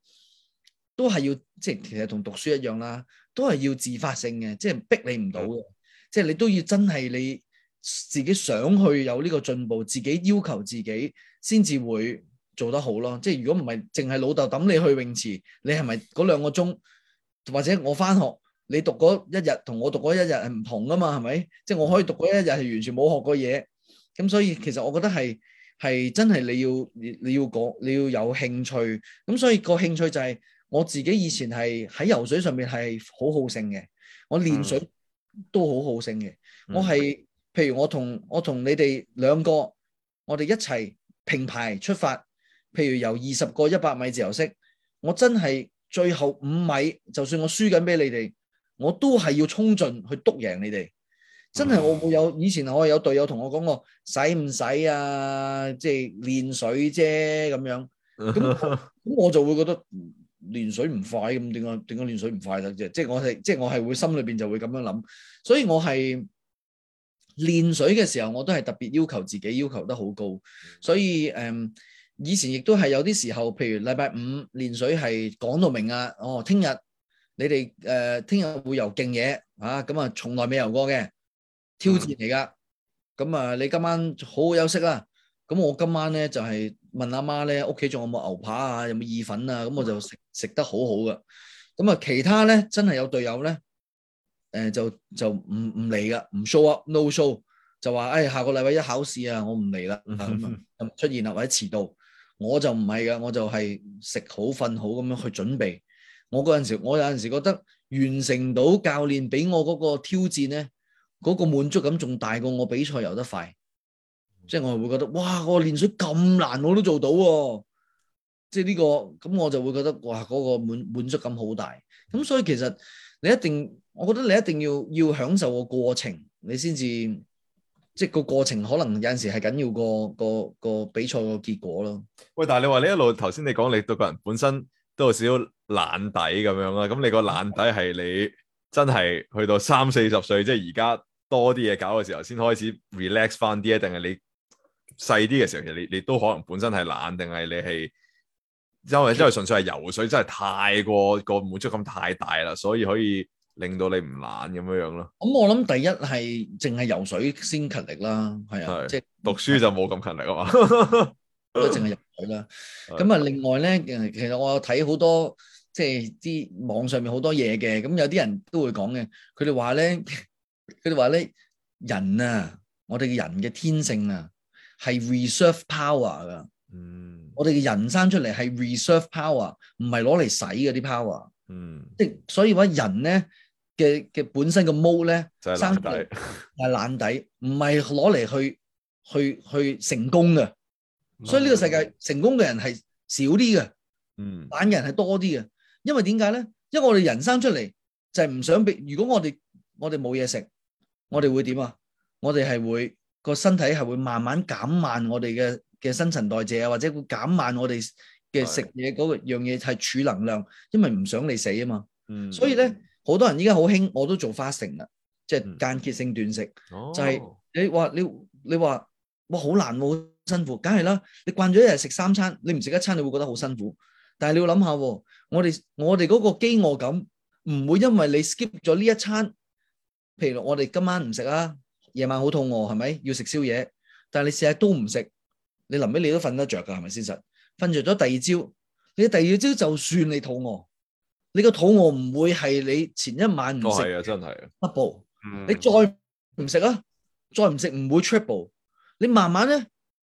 都係要即係其實同讀書一樣啦，都係要自發性嘅，即係逼你唔到嘅，嗯、即係你都要真係你自己想去有呢個進步，自己要求自己先至會做得好咯。即係如果唔係淨係老豆抌你去泳池，你係咪嗰兩個鐘或者我返學？你讀嗰一日同我讀嗰一日係唔同噶嘛？係咪？即係我可以讀嗰一日係完全冇學過嘢，咁所以其實我覺得係係真係你要你你要講你你要有興趣，咁所以個興趣就係我自己以前係喺游水上面係好好勝嘅，我練水都好好勝嘅。我係譬如我同我同你哋兩個，我哋一齊平排出發，譬如由二十個一百米自由式，我真係最後五米就算我輸緊俾你哋。我都係要衝進去篤贏你哋，真係我會有以前我有隊友同我講過，使唔使啊？即係練水啫咁樣，咁咁我，我就會覺得嗯、練水唔快咁，點解點解練水唔快得啫？即係我係即係我係會心裏邊就會咁樣諗，所以我係練水嘅時候，我都係特別要求自己，要求得好高。所以誒、嗯，以前亦都係有啲時候，譬如禮拜五練水係講到明啊，哦，聽日。你哋誒聽日會游勁嘢啊！咁、嗯、啊，從來未游過嘅挑戰嚟噶。咁啊，你今晚好好休息啦。咁、嗯、我今晚咧就係、是、問阿媽咧，屋企仲有冇牛扒啊，有冇意粉啊？咁、嗯、我就食食得好好噶。咁、嗯、啊，其他咧真係有隊友咧誒、呃、就就唔唔嚟噶，唔 show up，no show，就話誒、哎、下個禮拜一考試啊，我唔嚟啦。咁、嗯嗯、出現啊或者遲到，我就唔係噶，我就係食好瞓好咁樣去準備。我嗰陣時我有陣時覺得完成到教練俾我嗰個挑戰咧，嗰個滿足感仲大過我比賽游得快。即係我會覺得，哇！個練水咁難，我都做到喎。即係呢個咁，我就會覺得，哇！嗰個滿、滿足感好大。咁所以其實你一定，我覺得你一定要要享受個過程，你先至即係個過程，可能有陣時係緊要過個個比賽個結果咯。喂，但係你話呢一路頭先你講你對個人本身，都有少少懶底咁樣啦，咁你個懶底係你真係去到三四十歲，即係而家多啲嘢搞嘅時候先開始 relax 翻啲啊？定係你細啲嘅時候，其實你你都可能本身係懶，定係你係因為因為純粹係游水真係太過個滿足感太大啦，所以可以令到你唔懶咁樣樣咯。咁我諗第一係淨係游水先勤力啦，係啊，即係是、就是、讀書就冇咁勤力啊嘛。 都淨係入去啦，咁啊，另外咧，其實我有睇好多即係啲網上面好多嘢嘅，咁有啲人都會講嘅，佢哋話咧，佢哋話咧，人啊，我哋嘅人嘅天性啊，係 reserve power 噶，嗯，我哋嘅人生出嚟係 reserve power，唔係攞嚟使嘅啲 power，嗯，即係所以話人咧嘅嘅本身個 mode 咧，生底係懶底，唔係攞嚟去去去成功嘅。所以呢個世界成功嘅人係少啲嘅，嗯，懶嘅人係多啲嘅。因為點解咧？因為我哋人生出嚟就係唔想俾。如果我哋我哋冇嘢食，我哋會點啊？我哋係會個身體係會慢慢減慢我哋嘅嘅新陳代謝啊，或者會減慢我哋嘅食嘢嗰個樣嘢係儲能量，因為唔想你死啊嘛。嗯，所以咧好多人依家好興，我都做 fasting 啦，即係間歇性斷食，就係你話你你話哇好難喎。辛苦，梗係啦！你慣咗一日食三餐，你唔食一餐你會覺得好辛苦。但係你要諗下，我哋我哋嗰個飢餓感唔會因為你 skip 咗呢一餐。譬如我哋今晚唔食啊，夜晚好肚餓，係咪要食宵夜？但係你成日都唔食，你臨尾你都瞓得着噶，係咪先實？瞓着咗第二朝，你第二朝就算你肚餓，你個肚餓唔會係你前一晚唔食。係啊，真係 double。你再唔食啊，再唔食唔會 triple。你慢慢咧。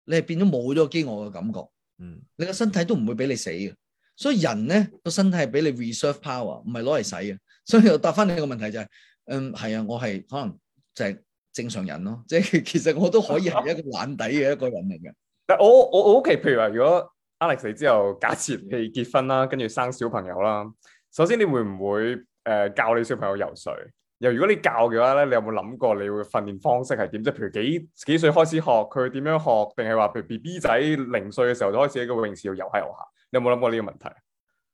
你係變咗冇咗飢餓嘅感覺，嗯，你個身體都唔會俾你死嘅，所以人咧，個身體係俾你 reserve power，唔係攞嚟使嘅。所以我答翻你個問題就係，嗯，係啊，我係可能就係正常人咯，即係其實我都可以係一個懶底嘅一個人嚟嘅。但我我我 OK，譬如話如果 Alex 死之後，假設係結婚啦，跟住生小朋友啦，首先你會唔會誒教你小朋友游水？又如果你教嘅話咧，你有冇諗過你會訓練方式係點？即係譬如幾幾歲開始學，佢點樣學？定係話譬如 BB 仔零歲嘅時候就開始喺個泳池度游下游下？你有冇諗過呢個問題？誒、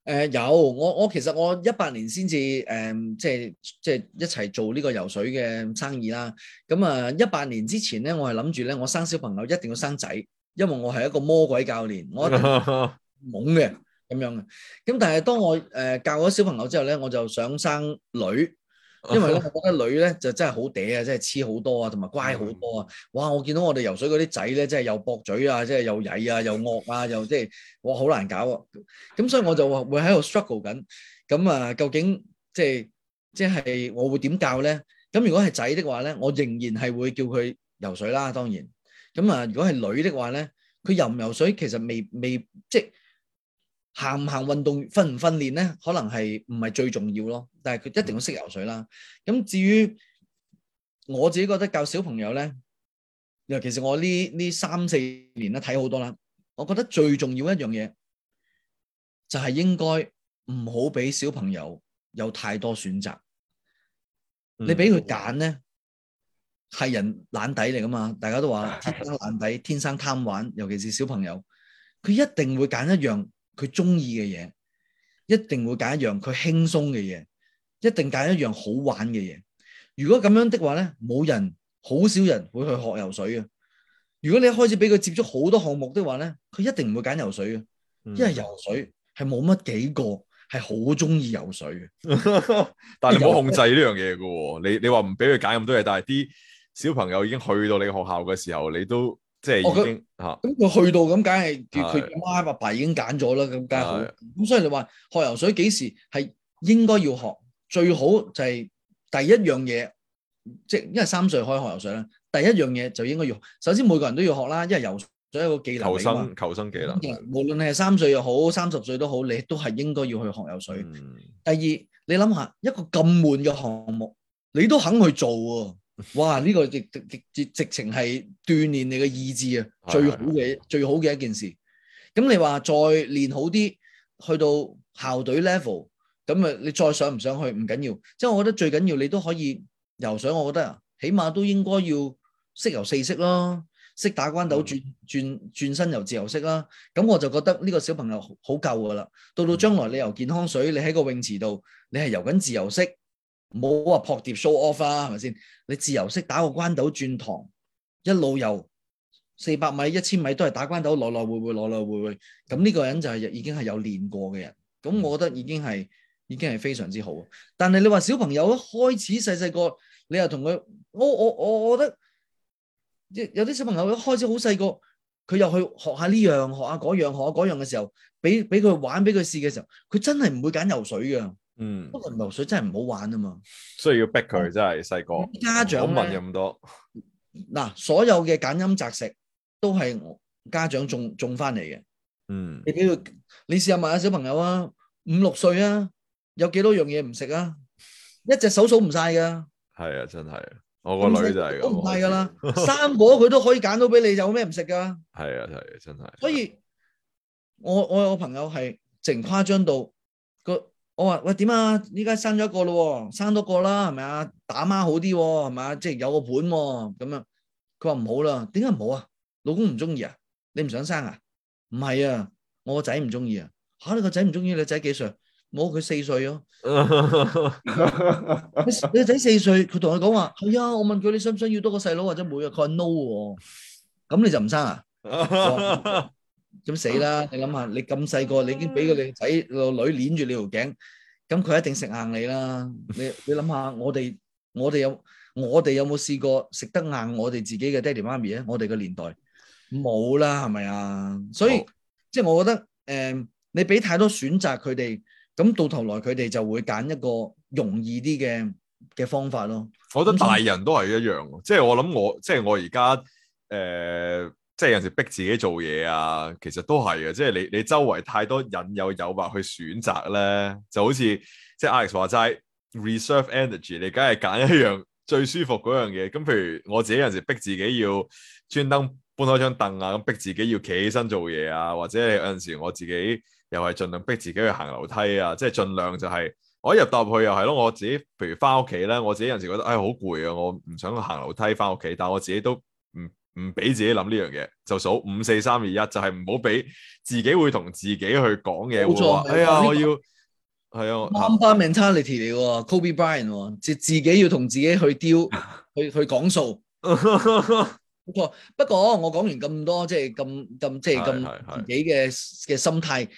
呃，有我我其實我、呃就是就是、一八年先至誒，即係即係一齊做呢個游水嘅生意啦。咁啊，一、uh, 八年之前咧，我係諗住咧，我生小朋友一定要生仔，因為我係一個魔鬼教練，我懵嘅咁 樣嘅。咁但係當我誒、呃、教咗小朋友之後咧，我就想生女。因為咧，我覺得女咧就真係好嗲啊，真係黐好多啊，同埋乖好多啊。哇！我見到我哋游水嗰啲仔咧，真係又駁嘴啊，真係又曳啊，又惡啊，又即係，哇，好難搞啊。咁所以我就話會喺度 struggle 緊。咁啊，究竟即係即係我會點教咧？咁如果係仔的話咧，我仍然係會叫佢游水啦。當然，咁啊，如果係女的話咧，佢游唔游水其實未未即係。行唔行運動，訓唔訓練咧，可能係唔係最重要咯。但係佢一定要識游水啦。咁、嗯、至於我自己覺得教小朋友咧，尤其是我呢呢三四年咧睇好多啦，我覺得最重要一樣嘢就係、是、應該唔好俾小朋友有太多選擇。嗯、你俾佢揀咧，係、嗯、人懶底嚟噶嘛？大家都話天、嗯、天生懶底，天生貪玩，尤其是小朋友，佢一定會揀一樣。佢中意嘅嘢，一定會揀一樣佢輕鬆嘅嘢，一定揀一樣好玩嘅嘢。如果咁樣的話咧，冇人，好少人會去學游水嘅。如果你一開始俾佢接觸好多項目的話咧，佢一定唔會揀游水嘅，因為游水係冇乜幾個係好中意游水嘅。 但係你冇控制呢樣嘢㗎，你你話唔俾佢揀咁多嘢，但係啲小朋友已經去到你學校嘅時候，你都。即係已經嚇，咁佢，哦啊、去到咁，梗係佢佢媽阿爸，爸已經揀咗啦，咁梗係好。咁的所以你話學游水幾時係應該要學？最好就係第一樣嘢，即係因為三歲開始學游水啦。第一樣嘢就應該要學，首先每個人都要學啦，因為游水係一個技能，求生，求生技能。無論你係三歲又好，三十歲都好，你都係應該要去學游水。嗯、第二，你諗下一個咁悶嘅項目，你都肯去做喎，啊。哇！呢、這個直直直直情係鍛煉你嘅意志啊的，最好嘅最好嘅一件事。咁你話再練好啲，去到校隊 level，咁啊你再上唔上去唔緊要。即係我覺得最緊要，你都可以游水。我覺得啊，起碼都應該要識游四式咯，識打關斗、轉轉轉身游自由式啦。咁我就覺得呢個小朋友好夠噶啦。到到將來你游健康水，你喺個泳池度，你係游緊自由式。冇好話撲碟 show off 啦，係咪先？你自由式打個關斗轉堂，一路游四百米、一千米都係打關斗，來來回回、來來回回。咁呢個人就係、是、已經係有練過嘅人，咁我覺得已經係已經係非常之好。但係你話小朋友一開始細細個，你又同佢，我我我覺得有啲小朋友一開始好細個，佢又去學下呢樣、學下嗰樣、學下嗰樣嘅時候，俾俾佢玩、俾佢試嘅時候，佢真係唔會揀游水㗎。嗯，不過游水真係唔好玩啊嘛，所以要逼佢，真係細個家長問咁多，嗱，所有嘅揀飲擇食都係家長種種翻嚟嘅，嗯，你比如你試下問下小朋友啊，五六歲啊，有幾多樣嘢唔食啊，一隻手數唔晒噶，係啊，真係，我女個女就係，咁，唔晒噶啦，生果佢都可以揀到俾你，有咩唔食噶？係啊，係啊，真係，所以我我有個朋友係，勁誇張到個。我話喂點啊？依家生咗一個咯、哦，生多個啦，係咪啊？打孖好啲、哦，係咪啊？即係有個伴咁、哦、樣。佢話唔好啦，點解唔好啊？老公唔中意啊？你唔想生啊？唔係啊，我個仔唔中意啊。吓，你個仔唔中意，你仔幾歲？冇，佢四歲哦。你個仔、啊、四歲、啊，佢同佢講話係啊。我問佢，你想唔想要多個細佬或者妹，佢話 no 喎。咁、啊、你就唔生啊？ 咁死啦！你諗下，你咁細個，你已經俾個你仔個女捏住你條頸，咁佢一定食硬你啦。你你諗下，我哋我哋有我哋有冇試過食得硬我哋自己嘅爹哋媽咪咧？我哋嘅年代冇啦，係咪啊？所以好即係我覺得，誒、呃，你俾太多選擇佢哋，咁到頭來佢哋就會揀一個容易啲嘅嘅方法咯。我覺得大人都係一樣，嗯、即係是我諗我即係我而家誒。呃即係有陣時逼自己做嘢啊，其實都係嘅。即係你你周圍太多引誘誘惑去選擇咧，就好似即係 Alex 話齋 reserve energy，你梗係揀一樣最舒服嗰樣嘢。咁譬如我自己有陣時逼自己要專登搬開張凳啊，咁逼自己要企起身做嘢啊，或者有陣時我自己又係盡量逼自己去行樓梯啊，即係盡量就係我一入到去又係咯。我自己譬如翻屋企咧，我自己有陣時覺得唉好攰啊，我唔想行樓梯翻屋企，但係我自己都。唔俾自己諗呢樣嘢，就數五四三二一，就係唔好俾自己會同自己去講嘢，會話錯哎呀，這個 我要係啊 mentality 嚟嘅，Kobe Bryant 自己要同自己去 deal，去去講數，冇錯。 不過我講完咁多，即係咁咁，即係咁自己嘅嘅 心態，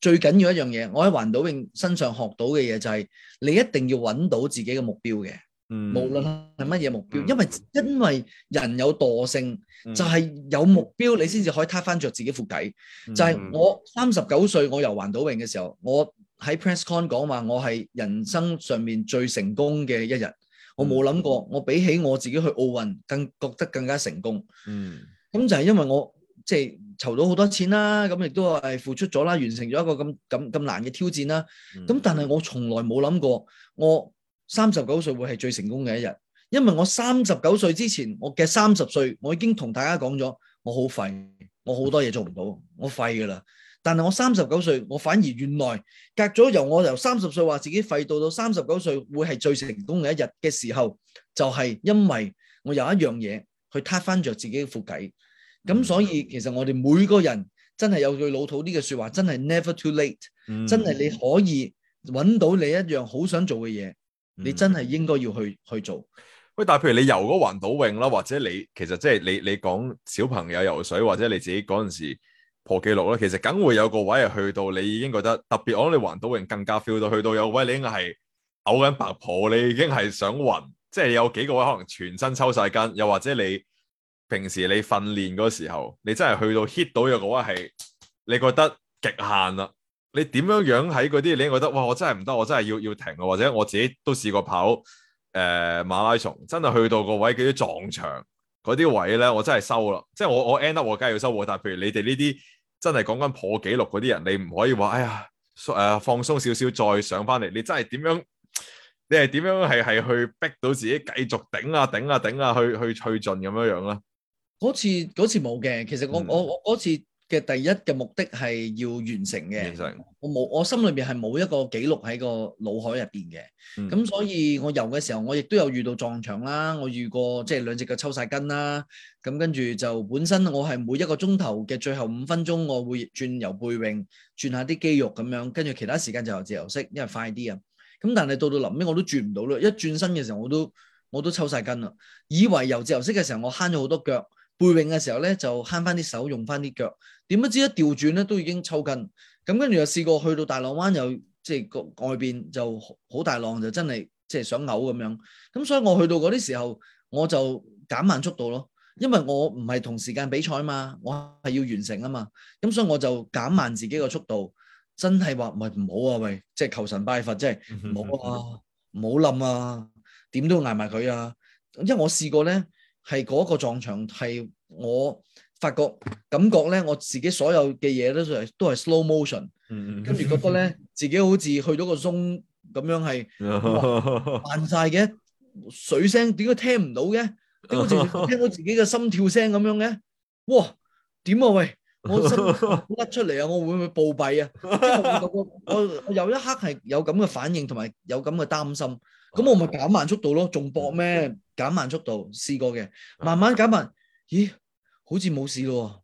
最緊要一樣嘢，我喺環島泳身上學到嘅嘢就係，你一定要揾到自己嘅目標嘅。嗯、無論係乜嘢目標，嗯、因為因為人有惰性，嗯、就係有目標你先至可以撻翻着自己副偈。嗯、就係我三十九歲我游環島泳嘅時候，我喺 Press Con 講話我係人生上面最成功嘅一日。嗯、我冇諗過，我比起我自己去奧運更，更覺得更加成功。嗯，咁就係因為我即係籌到好多錢啦，咁亦都係付出咗啦，完成咗一個咁咁咁難嘅挑戰啦。咁、嗯、但係我從來冇諗過我。我三十九歲會係最成功嘅一日，因為我三十九歲之前，我嘅三十歲，我已經同大家講咗，我好廢，我好多嘢做唔到，我廢㗎啦。但係我三十九歲，我反而原來隔咗由我由三十歲話自己廢到己廢到三十九歲會係最成功嘅一日嘅時候，就係、是、因為我有一樣嘢去 tuck 翻著自己嘅腹肌。咁所以其實我哋每個人真係有句老土啲嘅説話，真係 never too late，、嗯、真係你可以揾到你一樣好想做嘅嘢。你真係應該要去去做。喂、嗯，但係譬如你游嗰環島泳啦，或者你其實即係你你講小朋友游水，或者你自己嗰陣時破紀錄啦，其實梗會有個位係去到你已經覺得特別。我諗你環島泳更加 feel 到，去到有位你已經係嘔緊白泡，你已經係想暈，即係有幾個位可能全身抽晒筋，又或者你平時你訓練嗰時候，你真係去到 hit 到有個位係你覺得極限啦。你點樣樣喺嗰啲，你覺得哇，我真係唔得，我真係要要停啊，或者我自己都試過跑誒、呃、馬拉松，真係去到個位幾多撞牆嗰啲位咧，我真係收啦，即係我我 end up 我梗係要收，但係譬如你哋呢啲真係講緊破紀錄嗰啲人，你唔可以話哎呀誒放鬆少少再上翻嚟，你真係點樣？你係點樣係係去逼到自己繼續頂啊頂啊頂啊去去去盡咁樣樣啦。嗰次嗰次冇嘅，其實我我我嗰次。嗯嘅第一嘅目的係要完成嘅實，我冇我心裏邊係冇一個記錄喺個腦海入邊嘅，咁、嗯、所以我游嘅時候，我亦都有遇到撞牆啦，我遇過即係兩隻腳抽晒筋啦，咁跟住就本身我係每一個鐘頭嘅最後五分鐘，我會轉游背泳，轉下啲肌肉咁樣，跟住其他時間就由自由式，因為快啲啊，咁但係到到臨尾我都轉唔到咯，一轉身嘅時候我都我都抽晒筋啦，以為游自由式嘅時候我慳咗好多腳，背泳嘅時候咧就慳翻啲手，用翻啲腳。點不知一調轉咧，都已經抽筋。咁，跟住又試過去到大浪灣，又即係個外邊就好大浪，就真係即係想嘔咁樣。咁所以我去到嗰啲時候，我就減慢速度咯，因為我唔係同時間比賽嘛，我係要完成啊嘛。咁所以我就減慢自己個速度，真係話咪唔好啊，喂，即係求神拜佛，即係唔好啊，唔好冧啊，點都捱埋佢啊。因為我試過咧，係嗰個撞牆係我。發覺感覺咧，我自己所有嘅嘢，咧就係都係 slow motion，跟住覺得咧自己好似去咗個 zone 咁樣係慢晒，嘅，水聲點解聽唔到嘅？點解淨係聽到自己嘅心跳聲咁樣嘅？哇，點啊喂，我心甩出嚟啊，我會唔會暴斃啊？即係我個我有一刻係有咁嘅反應同埋有咁嘅擔心，咁我咪減慢速度咯，仲搏咩？減慢速度，試過嘅，慢慢減慢，咦？好似冇事咯，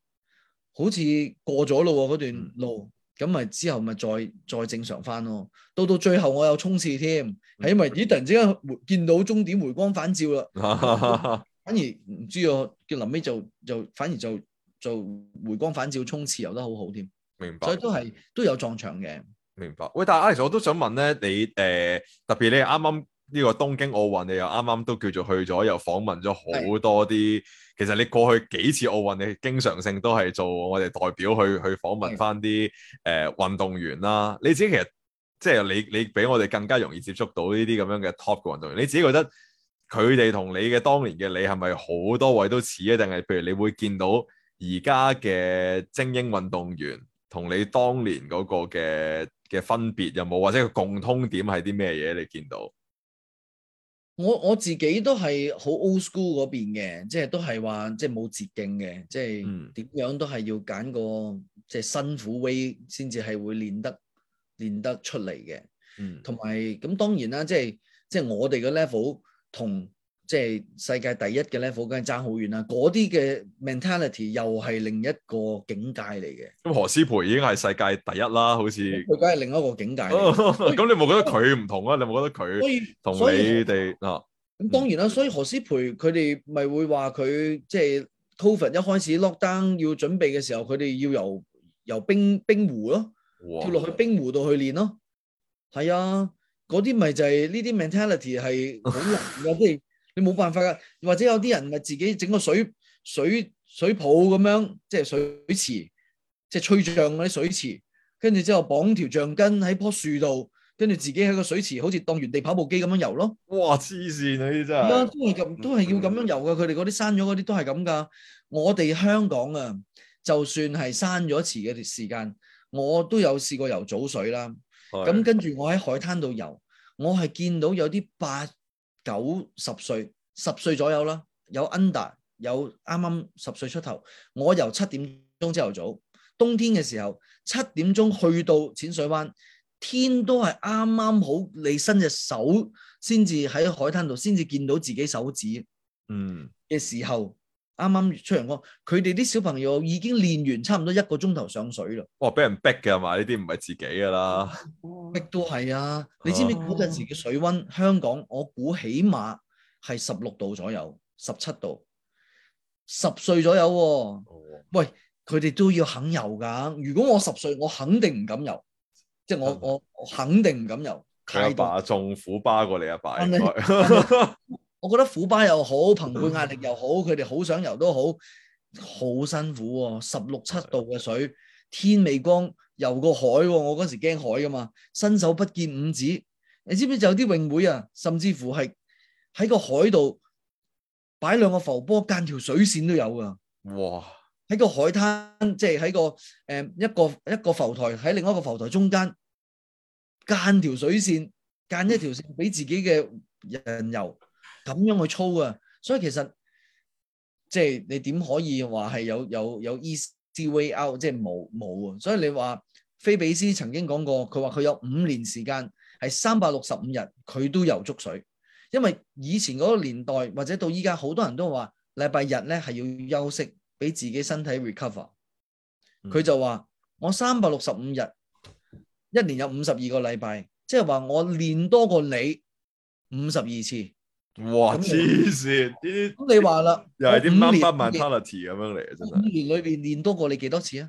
好似過咗咯嗰段路，咁咪、嗯、之後咪再再正常翻咯。到到最後我有衝刺添，係、嗯、因為咦突然之間見到終點回光返照啦， 反而唔知啊，叫臨尾就就反而就就回光返照衝刺游得好好添。明白，所以都係都有撞牆嘅。明白，喂，但係阿其實我都想問咧，你你誒特別你啱啱。呢個東京奧運你又啱啱都叫做去咗，又訪問咗好多啲。的其實你過去幾次奧運，你經常性都係做我哋代表去去訪問翻啲誒運動員啦。你自己其實即係你你俾我哋更加容易接觸到呢啲咁樣嘅 top 嘅運動員。你自己覺得佢哋同你嘅當年嘅你係咪好多位都似咧？定係譬如你會見到而家嘅精英運動員同你當年嗰個嘅嘅分別有冇，或者個共通點係啲咩嘢？你見到？我我自己都係好 old school 嗰邊嘅，即係都係話即係冇捷徑嘅，即係點樣都係要揀個即係辛苦 way 先至係會練得練得出嚟嘅。嗯，同埋咁當然啦，即係即係我哋嘅 level 同。即係世界第一嘅 level，梗係爭好遠啦。嗰啲嘅 mentality 又係另一個境界嚟嘅。咁何詩蓓已經係世界第一啦，好似佢梗係另一個境界。咁你冇覺得佢唔同啊？你冇覺得佢以？同你哋以啊。咁當然啦，所以何詩蓓佢哋咪會話佢即係 COVID 一開始 lock down 要準備嘅時候，佢哋要由由冰冰湖咯，哇跳落去冰湖度去練咯。係啊，嗰啲咪就係呢啲 mentality 係好難嘅，即 你冇辦法㗎，或者有啲人咪自己整個水水水泡咁樣，即係水池，即係吹脹嗰啲水池，跟住之後綁條橡筋喺樖樹度，跟住自己喺個水池好似當原地跑步機咁樣游咯。哇！黐線你真係，家都係咁，都係要咁樣游嘅。佢哋嗰啲刪咗嗰啲都係咁㗎。我哋香港啊，就算係刪咗池嘅時間，我都有試過游早水啦。咁是跟住我喺海灘度游，我係見到有啲八、九十歲、十歲左右啦，有 under，有啱啱十歲出頭。我由七點鐘朝頭早，冬天嘅時候七點鐘去到淺水灣，天都係啱啱好，你伸隻手先至喺海灘度，先至見到自己手指嘅時候。嗯。嗯啱啱出陽光，佢哋啲小朋友已經練完差唔多一個鐘頭上水啦。哇、哦！俾人逼嘅係嘛？呢啲唔係自己㗎啦，逼都係啊！你知唔知嗰陣、哦、時嘅水溫？香港我估起碼係十六度左右，十七度，十歲左右喎、啊。哦、喂，佢哋都要肯游㗎。如果我十歲，我肯定唔敢游，嗯、即係我我肯定唔敢游。阿、嗯、多爸仲苦巴過你阿爸。是 我覺得虎巴又好，朋輩壓力又好，佢哋好想游都好，好辛苦喎、啊。十六七度嘅水，天未光游個海，我嗰時驚海㗎嘛，伸手不見五指。你知唔知就有啲泳會啊？甚至乎係喺個海度擺兩個浮波，間條水線都有㗎。哇！喺個海灘，即係喺個誒一個一個，一個浮台喺另一個浮台中間間條水線，間一條線俾自己嘅人游。咁樣去操啊！所以其實即係、就是、你點可以話係有有有 easy way out，即係冇冇啊！所以你話菲比斯曾經講過，佢話佢有五年時間係三百六十五日佢都游足水，因為以前嗰個年代或者到依家好多人都話禮拜日咧係要休息，俾自己身體 recover。佢就話：我三百六十五日，一年有五十二個禮拜，即係話我練多過你五十二次。哇！黐線，啲咁些 你話啦了，又係啲 mamba mentality 咁樣嚟啊！真係五年裏邊練多過你幾多次啊。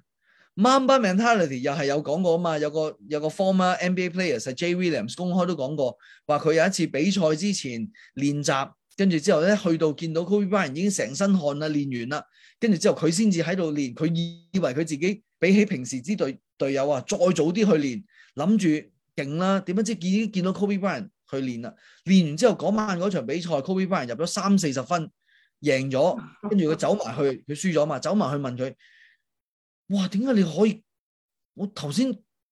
mamba mentality 又係有講過啊嘛，有個有個 former，NBA players 係 J Williams 公開都講過，話佢有一次比賽之前練習，跟住之後咧去到見到 Kobe Bryant 已經成身汗啦，練完啦，跟住之後佢先至喺度練，佢以為佢自己比起平時啲隊隊友啊，再早啲去練，諗住勁啦，點不知見見到 Kobe Bryant。去練啦，練完之後嗰晚嗰場比賽，Kobe Bryant 入咗三四十分，贏咗，跟住佢走埋去，佢輸咗嘛，走埋去問佢：哇，點解你可以？我頭先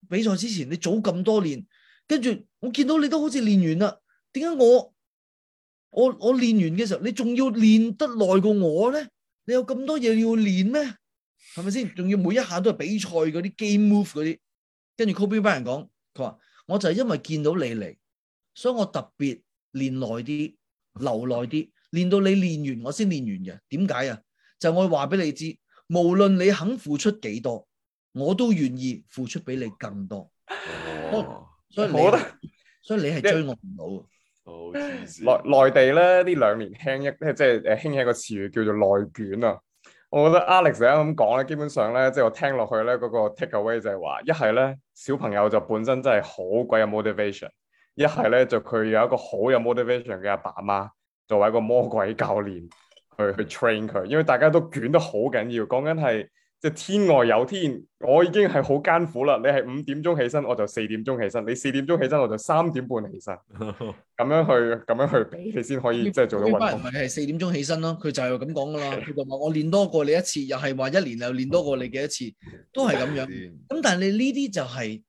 比賽之前，你早咁多年，跟住我見到你都好似練完啦，點解我我我練完嘅時候，你仲要練得耐過我咧？你有咁多嘢要練咩？係咪先？仲要每一下都係比賽嗰啲 game move 嗰啲，跟住 Kobe Bryant 講，佢話：我就係因為見到你嚟。所以我特別練耐啲，留耐啲，練到你練完，我練完，我先練完嘅。點解啊？就我話俾你知，無論你肯付出幾多，我都願意付出比你更多。哦、所以我覺得，所以你係追我唔到。好意思。內內地咧呢兩年興一即係誒，興起一個詞語叫做內卷啊。我覺得 Alex 成日咁講咧，基本上咧即係我聽落去咧嗰、那個 take away 就係話，一係咧小朋友就本身真係好鬼有 motivation。一係咧就佢有一個好有 motivation 嘅阿爸媽，作為一個魔鬼教練去去 train 佢，因為大家都捲得好緊要。講緊係即係天外有天，我已經係好艱苦啦。你係五點鐘起身，我就四點鐘起身；你四點鐘起身，我就三點半起身。咁樣去，咁樣去俾，你先可以即係 做到運動。唔係係四點鐘起身咯，佢就係咁講噶啦。佢就話我練多過你一次，又係話一年又練多過你嘅一次，都係咁樣。咁、 嗯、但係你呢啲就係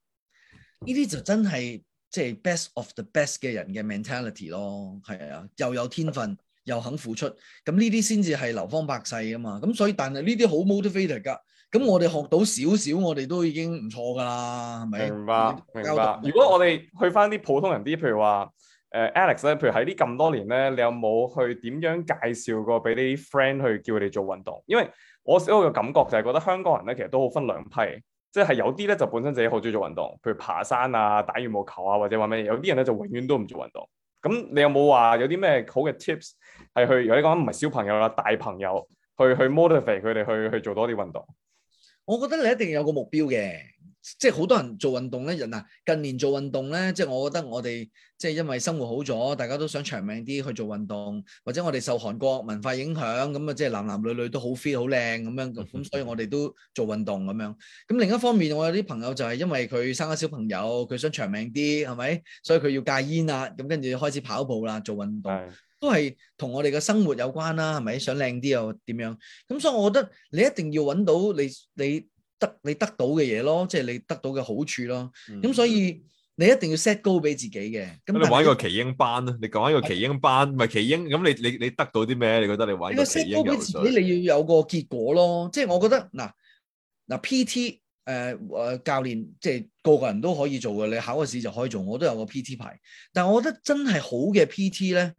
呢啲就真係。即係 best of the best 嘅人嘅 mentality 咯，係啊，又有天分，又肯付出，咁呢啲先至係流芳百世啊嘛！咁所以，但係呢啲好 m o d i v a t o r motivator 㗎。咁我哋學到少少，我哋都已經唔錯㗎啦，係咪？明白，明白。嗯、如果我哋去翻啲普通人啲，譬如話誒、呃、Alex 咧，譬如喺呢咁多年咧，你有冇去點樣介紹過俾啲 friend 去叫佢哋做運動？因為我小我嘅感覺就係覺得香港人咧，其實都好分兩批。即係有啲咧就本身自己好中意做運動，譬如爬山啊、打羽毛球啊，或者話咩，有啲人咧就永遠都唔做運動。咁你有冇話有啲咩好嘅 tips 係去？如果你講唔係小朋友啦，大朋友去去 motivate 佢哋去去做多啲運動。我覺得你一定有個目標嘅。即係好多人做運動咧，人嗱近年做運動咧，即係我覺得我哋即係因為生活好咗，大家都想長命啲去做運動，或者我哋受韓國文化影響，咁啊即係男男女女都好 fit 好靚咁樣，咁所以我哋都做運動咁樣。咁另一方面，我有啲朋友就係因為佢生咗小朋友，佢想長命啲，係咪？所以佢要戒煙啊，咁跟住開始跑步啦，做運動，都係同我哋嘅生活有關啦，係咪？想靚啲又點樣？咁所以我覺得你一定要揾到你你。得你得到嘅嘢咯，即係你得到嘅好處咯。咁、嗯、所以你一定要 set 高俾自己嘅。咁你玩一個奇英班啦，你講一個奇英班，唔係的奇英。咁你你你得到啲咩？你覺得你玩一個奇俾自己，的你要有個結果咯，即係我覺得嗱嗱 PT 誒、呃、誒教練，即係個個人都可以做嘅。你考個試就可以做。我都有個 PT 牌，但係我覺得真係好嘅 PT 咧，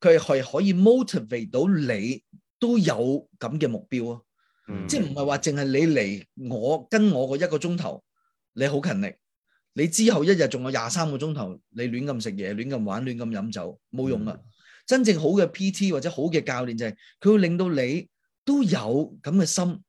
佢係可以，以 motivate 到你都有咁嘅目標啊。嗯、即係唔係話淨係你嚟，我跟我一個鐘頭，你好勤力，你之後一日仲有廿三個鐘頭，你亂咁食嘢，亂咁玩，亂咁飲酒，冇用啊！嗯、真正好嘅 P.T. 或者好嘅教練就係、是、佢會令到你都有咁嘅心，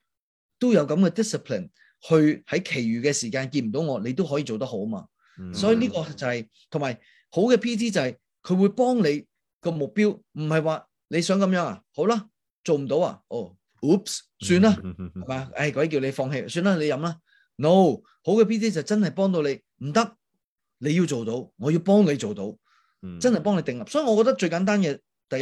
都有咁嘅 discipline 去喺其餘嘅時間見唔到我，你都可以做得好啊嘛。嗯、所以呢個就係同埋好嘅 P.T. 就係佢會幫你個目標，唔係話你想咁樣啊，好啦，做唔到啊，哦。Oops，算啦，係嘛？ 唉、哎，鬼叫你放棄，算啦，你飲啦。No，好嘅 PT 就真係幫到你，唔得，你要做到，我要幫你做到， 真係幫你定立。所以我覺得最簡單嘅，第一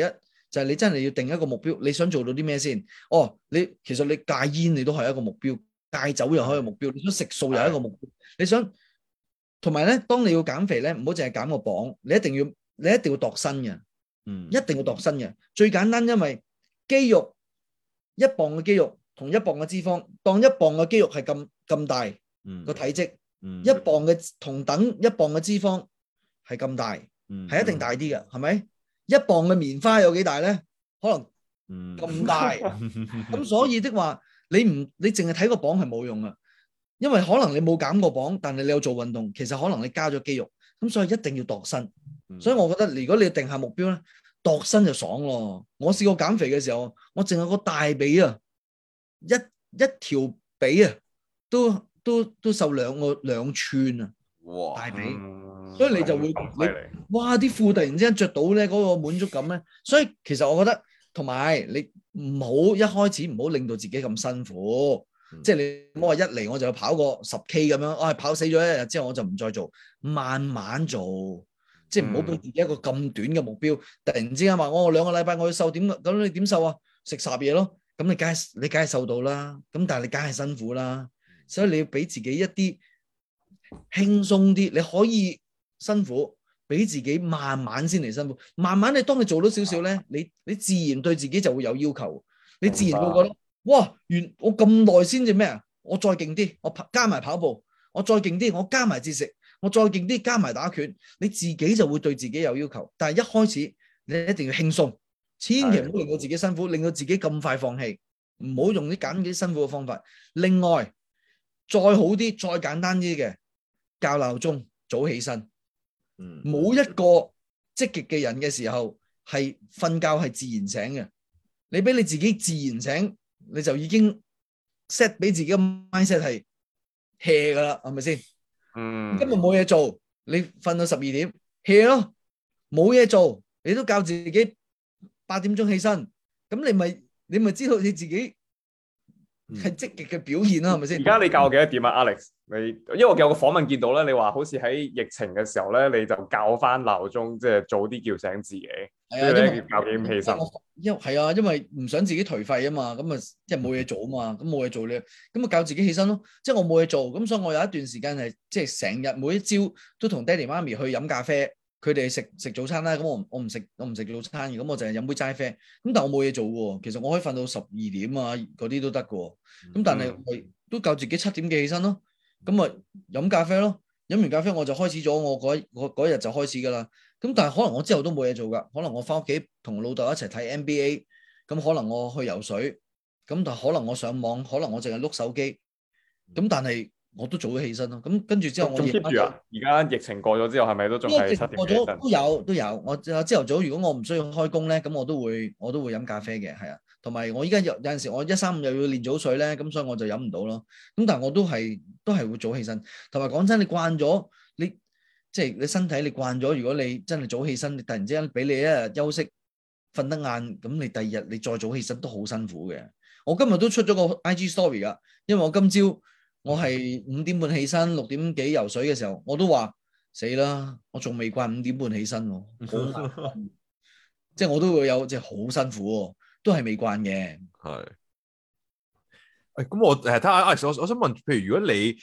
就係、是、你真係要定一個目標，你想做到啲咩先？哦，你其實你戒煙，你都係一個目標；戒酒又係一個目標；你想食素又係一個目標。你想同埋咧，當你要減肥咧，唔好淨係減個磅，你一定要你一定要度身嘅，嗯， 一定要度身嘅。最簡單，因為肌肉。一磅嘅肌肉同一磅嘅脂肪，當一磅嘅肌肉係咁咁大，個體積，一磅嘅同等一磅嘅脂肪係咁大，係、嗯嗯、一定大啲嘅，係咪？一磅嘅棉花有幾大咧？可能咁大，咁、嗯、 所以的話，你唔你淨係睇個磅係冇用啊，因為可能你冇減過磅，但係你有做運動，其實可能你加咗肌肉，咁所以一定要度身，所以我覺得如果你要定下目標咧。度身就爽咯！我試過減肥嘅時候，我淨係個大髀啊，一一條髀啊，都都都瘦兩個兩寸啊！哇，大髀腿，所以你就會你、嗯、哇啲褲突然之間着到咧嗰個滿足感咧，嗯、所以其實我覺得同埋你唔好一開始唔好令到自己咁辛苦，即係、嗯、你唔好話一嚟我就要跑個十 K 咁樣，我、啊、係跑死咗一日之後我就唔再做，慢慢做。嗯、即係唔好俾自己一個咁短嘅目標，突然之間話、哦、我兩個禮拜我要瘦，點咁你點瘦啊？食雜嘢咯，咁你梗係你梗係瘦到啦，咁但係你梗係辛苦啦。所以你要俾自己一啲輕鬆啲，你可以辛苦，俾自己慢慢先嚟辛苦。慢慢你當你做到少少咧，你你自然對自己就會有要求，你自然會覺得明白，哇，原我咁耐先至咩啊？我再勁啲，我加埋跑步，我再勁啲，我加埋節食。我再勁啲，加埋打拳，你自己就會對自己有要求。但係一開始，你一定要輕鬆，千祈唔好令到自己辛苦，令到自己咁快放棄。唔好用啲簡單啲辛苦嘅方法。另外，再好啲，再簡單啲嘅，較鬧鐘早起身。嗯，冇一個積極嘅人嘅時候係瞓覺係自然醒嘅。你俾你自己自然醒，你就已經 set 俾自己 mindset 係 hea 㗎喇，係咪先？嗯，今日冇嘢做，你瞓到十二點，hea 咯，冇嘢做，你都教自己八點鐘起身，咁你咪你咪知道你自己係積極嘅表現啦，係咪先？而家你教我幾多點啊，Alex？你因為我有個訪問見到咧，你話好似喺疫情嘅時候咧，你就教翻鬧鐘，即係早啲叫醒自己。係啊，因為教自己起身。因係啊，因為唔想自己頹廢啊嘛，咁啊即係冇嘢做啊嘛，咁冇嘢做你咁啊教自己起身咯。即係我冇嘢做，咁所以我有一段時間係即係成日每一朝都同爹哋媽咪去飲咖啡，佢哋食食早餐啦，咁我我唔食，我唔食早餐嘅，咁我淨係飲杯齋啡。咁但係我冇嘢做嘅，其實我可以瞓到十二點啊，嗰啲都得嘅。咁但係我都教自己七點幾起身咯，咁啊飲咖啡咯，飲完咖啡我就開始咗我嗰嗰日就開始噶啦。咁但係可能我之後都冇嘢做噶，可能我翻屋企同老豆一齊睇 NBA，咁可能我去游水，咁但係可能我上網，可能我淨係碌手機，咁但係我都早咗起身咯。咁跟住之後我仲 keep 住啊！而家疫情過咗之後係咪都仲係七點幾起身？都有都有，我朝頭早如果我唔需要開工咧，咁我都會我都會飲咖啡嘅，係啊。同埋我依家有有陣時我一三五又要練早水咧，咁所以我就飲唔到咯。咁但係我都係都係會早起身，同埋講真，你慣咗。即係你身體你慣咗，如果你真係早起身，你突然之間俾你一日休息瞓得晏，咁你第二日你再早起身都好辛苦嘅。我今日都出咗個 I G story 㗎，因為我今朝我係五點半起身，六點幾游水嘅時候，我都話死啦，我仲未慣五點半起身喎， 即係我都會有即係好辛苦，都係未慣嘅。係。誒、哎、咁我誒睇下，看看 Alex，我我想問，譬如如果你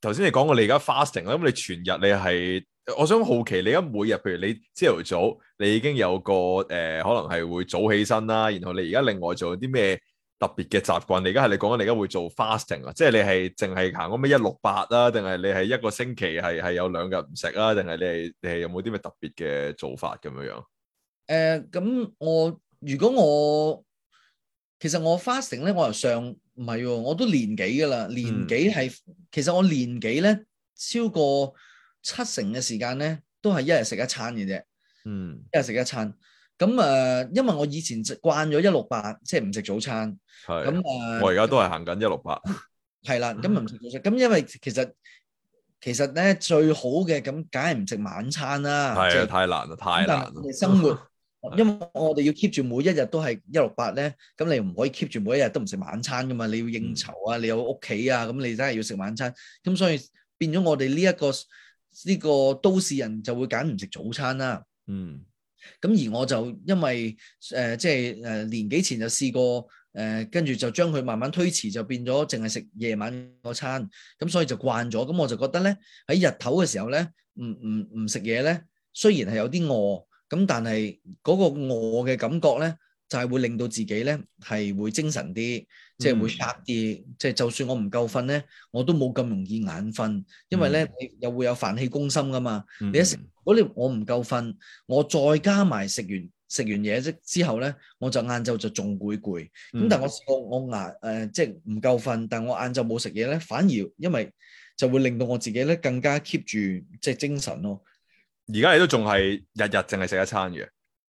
頭先你講過你而家 fasting 啦，咁你全日你係。我想好奇你而家每日，譬如你朝頭早，你已經有個誒、呃，可能係會早起身啦。然後你而家另外做啲咩特別嘅習慣？你而家係你講緊你而家會做 fasting 啊？即係你係淨係行嗰咩一六八啊？定係你係一個星期係係有兩日唔食啊？定係你係你有冇啲咩特別嘅做法咁樣樣？誒、呃，咁我如果我其實我 fasting 咧，我又上唔係喎，我都年幾噶啦。年幾係、嗯、其實我年幾咧超過。七成嘅時間咧，都係一日食一餐嘅啫。嗯，一日食一餐。咁誒、呃，因為我以前食慣咗一六八，即係唔食早餐。係。咁誒，我而家都係行緊一六八。係啦， 咁唔食早餐。咁因為其實其實咧最好嘅咁梗係唔食晚餐啦。係啊的、就是，太難啦，太難啦。但係生活， 因為我哋要 keep 住每一日都係一六八咧，咁你唔可以 keep 住每一日都唔食晚餐噶嘛？你要應酬啊，嗯、你有屋企啊，咁你真係要食晚餐。咁所以變咗我哋呢一個。呢個都市人就會揀唔食早餐啦，嗯，咁而我就因為誒即係誒年幾前就試過誒，跟住就將佢慢慢推遲，就變咗淨係食夜晚嗰餐，咁所以就慣咗，咁我就覺得咧喺日頭嘅時候咧，唔唔唔食嘢咧，雖然係有啲餓，咁但係嗰個餓嘅感覺咧。就係會令到自己咧係會精神啲，mm hmm. 即係會 sharp 啲，即係就算我唔夠瞓咧，我都冇咁容易眼瞓，因為咧、mm hmm. 你又會有煩氣攻心噶嘛。Mm hmm. 你一食，如果你我唔夠瞓，我再加埋食完食完嘢即之後咧，我就晏晝就仲會攰。咁、mm hmm. 但係我我我晏誒即係唔夠瞓，但我晏晝冇食嘢咧，反而因為就會令到我自己咧更加 keep 住即係精神咯、哦。而家你都仲係日日淨係食一餐嘅？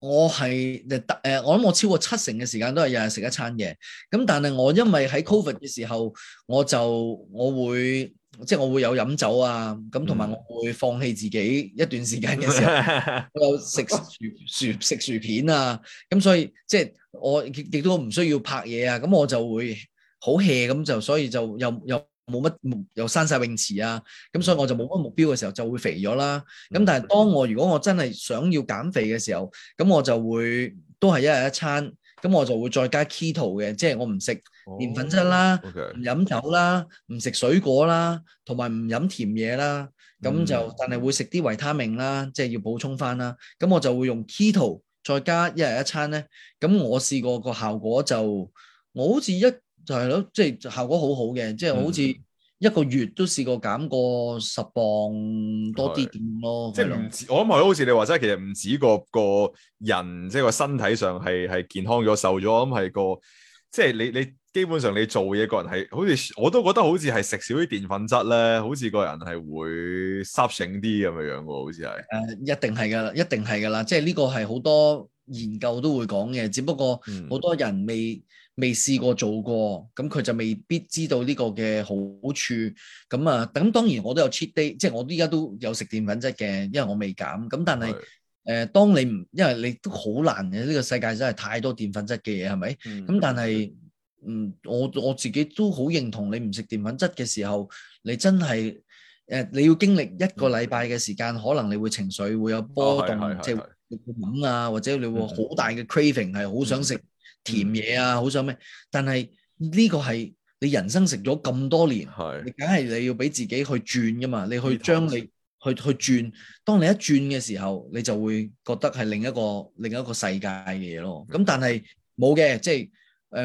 我係誒得誒，我諗我超過七成嘅時間都係日日食一餐嘅。咁但係我因為喺 COVID 嘅時候，我就我會即係、就是、我會有飲酒啊，咁同埋我會放棄自己一段時間嘅時候， 我有食薯薯食薯片啊。咁所以即係、就是、我亦亦都唔需要拍嘢啊。咁我就會好 hea 咁就，所以就又又。.冇乜，又閂晒泳池啊！咁所以我就冇乜目標嘅時候就會肥咗啦。咁但係當我如果我真係想要減肥嘅時候，咁我就會都係一日一餐。咁我就會再加 keto 嘅，即係我唔食澱粉質啦，唔飲、哦 okay. 酒啦，唔食水果啦，同埋唔飲甜嘢啦。咁就、嗯、但係會食啲維他命啦，即係要補充翻啦。咁我就會用 keto 再加一日一餐咧。咁我試過個效果就我好似一。就係咯，即係效果好好嘅，即係好似一個月都試過減過十磅多啲點咯。即係唔，的我諗係好似你話齋，其實唔止個個人，即係個身體上係係健康咗、瘦咗。我諗係個，即係你你基本上你做嘢個人係，好似我都覺得好似係食少啲澱粉質咧，好似個人係會濕醒啲咁嘅樣喎。好似係誒，一定係噶啦，一定係噶啦。即係呢個係好多研究都會講嘅，只不過好多人未。嗯未試過做過，咁佢就未必知道呢個嘅好處。咁啊，咁當然我，有 day，我都有 cheat day，即係我依家都有食澱粉質嘅，因為我未減。咁但係誒的、呃，當你唔，因為你都好難嘅，呢、這個世界真係太多澱粉質嘅嘢，係咪？咁、嗯、但係，嗯，我我自己都好認同你唔食澱粉質嘅時候，你真係誒、呃，你要經歷一個禮拜嘅時間，嗯、可能你會情緒會有波動，即係你會揼啊，或者你會好大嘅 craving 係好想食。嗯甜嘢啊，好想咩？但係呢個係你人生食咗咁多年，係，你梗係你要俾自己去轉噶嘛？你去將你去去轉，當你一轉嘅時候，你就會覺得係另一個另一個世界嘅嘢咯。咁但係冇嘅，即係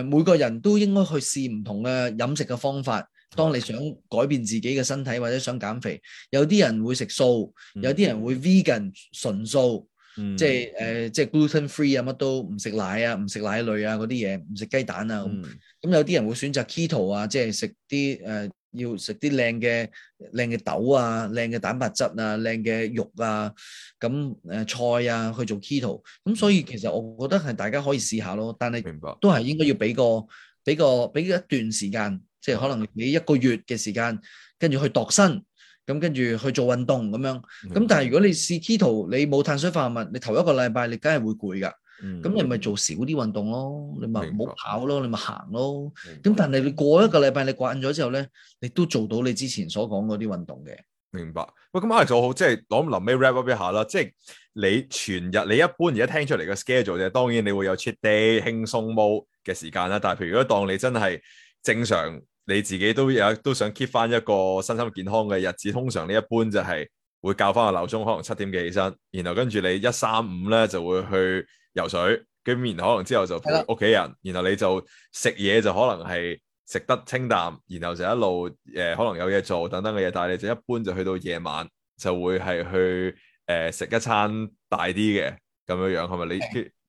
誒，每個人都應該去試唔同嘅飲食嘅方法。當你想改變自己嘅身體或者想減肥，有啲人會食素，有啲人會 vegan 純素。嗯即係誒、呃，即係 gluten-free 啊，乜都唔食奶啊，唔食奶類啊，嗰啲嘢，唔食雞蛋啊，咁咁、嗯、有啲人會選擇 keto 啊，即係食啲誒要食啲靚嘅靚嘅豆啊，靚嘅蛋白質啊，靚嘅肉啊，咁誒、呃、菜啊去做 keto。咁所以其實我覺得係大家可以試下咯，但係都係應該要俾個俾個俾一段時間，即係可能俾一個月嘅時間，跟住去度身。咁跟住去做運動咁樣，咁但係如果你試 Keto 你冇碳水化合物，嗯、你頭一個禮拜你梗係會攰㗎。咁、嗯、你咪做少啲運動咯，嗯、你咪唔好跑咯，白你咪行咯。咁、嗯、但係你過一個禮拜你慣咗之後咧，你都做到你之前所講嗰啲運動嘅。明白。喂，咁啊做好，即係攞臨尾 wrap up 一下啦。即、就、係、是、你全日你一般而家聽出嚟嘅 schedule，就是、當然你會有 check day、輕鬆 mode 嘅時間啦。但係譬如果當你真係正常。你自己都有都想 keep 翻一個身心健康嘅日子，通常呢一般就係會較翻個鬧鐘，可能七點幾起身，然後跟住你一三五咧就會去游水，跟住然後可能之後就陪屋企人，然後你就食嘢就可能係食得清淡，然後就一路誒、呃、可能有嘢做等等嘅嘢，但係你就一般就去到夜晚就會係去誒食、呃、一餐大啲嘅咁樣樣係咪？是是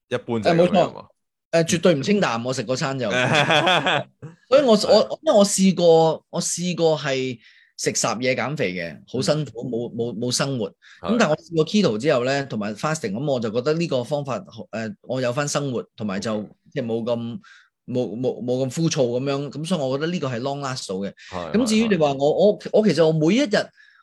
你一般就咁樣、嗯嗯嗯嗯誒，uh, 絕對唔清淡，我食個餐就。 所以我我因為我試過，我試過係食齋嘢減肥嘅，好辛苦，冇冇冇生活。咁 但係我試過 Keto 之後咧，同埋 fasting，咁、嗯、我就覺得呢個方法誒、呃，我有翻生活，同埋就即係冇咁冇冇冇咁枯燥咁樣。咁所以我覺得呢個係 long last 到嘅。咁 至於你話我我我其實我每一日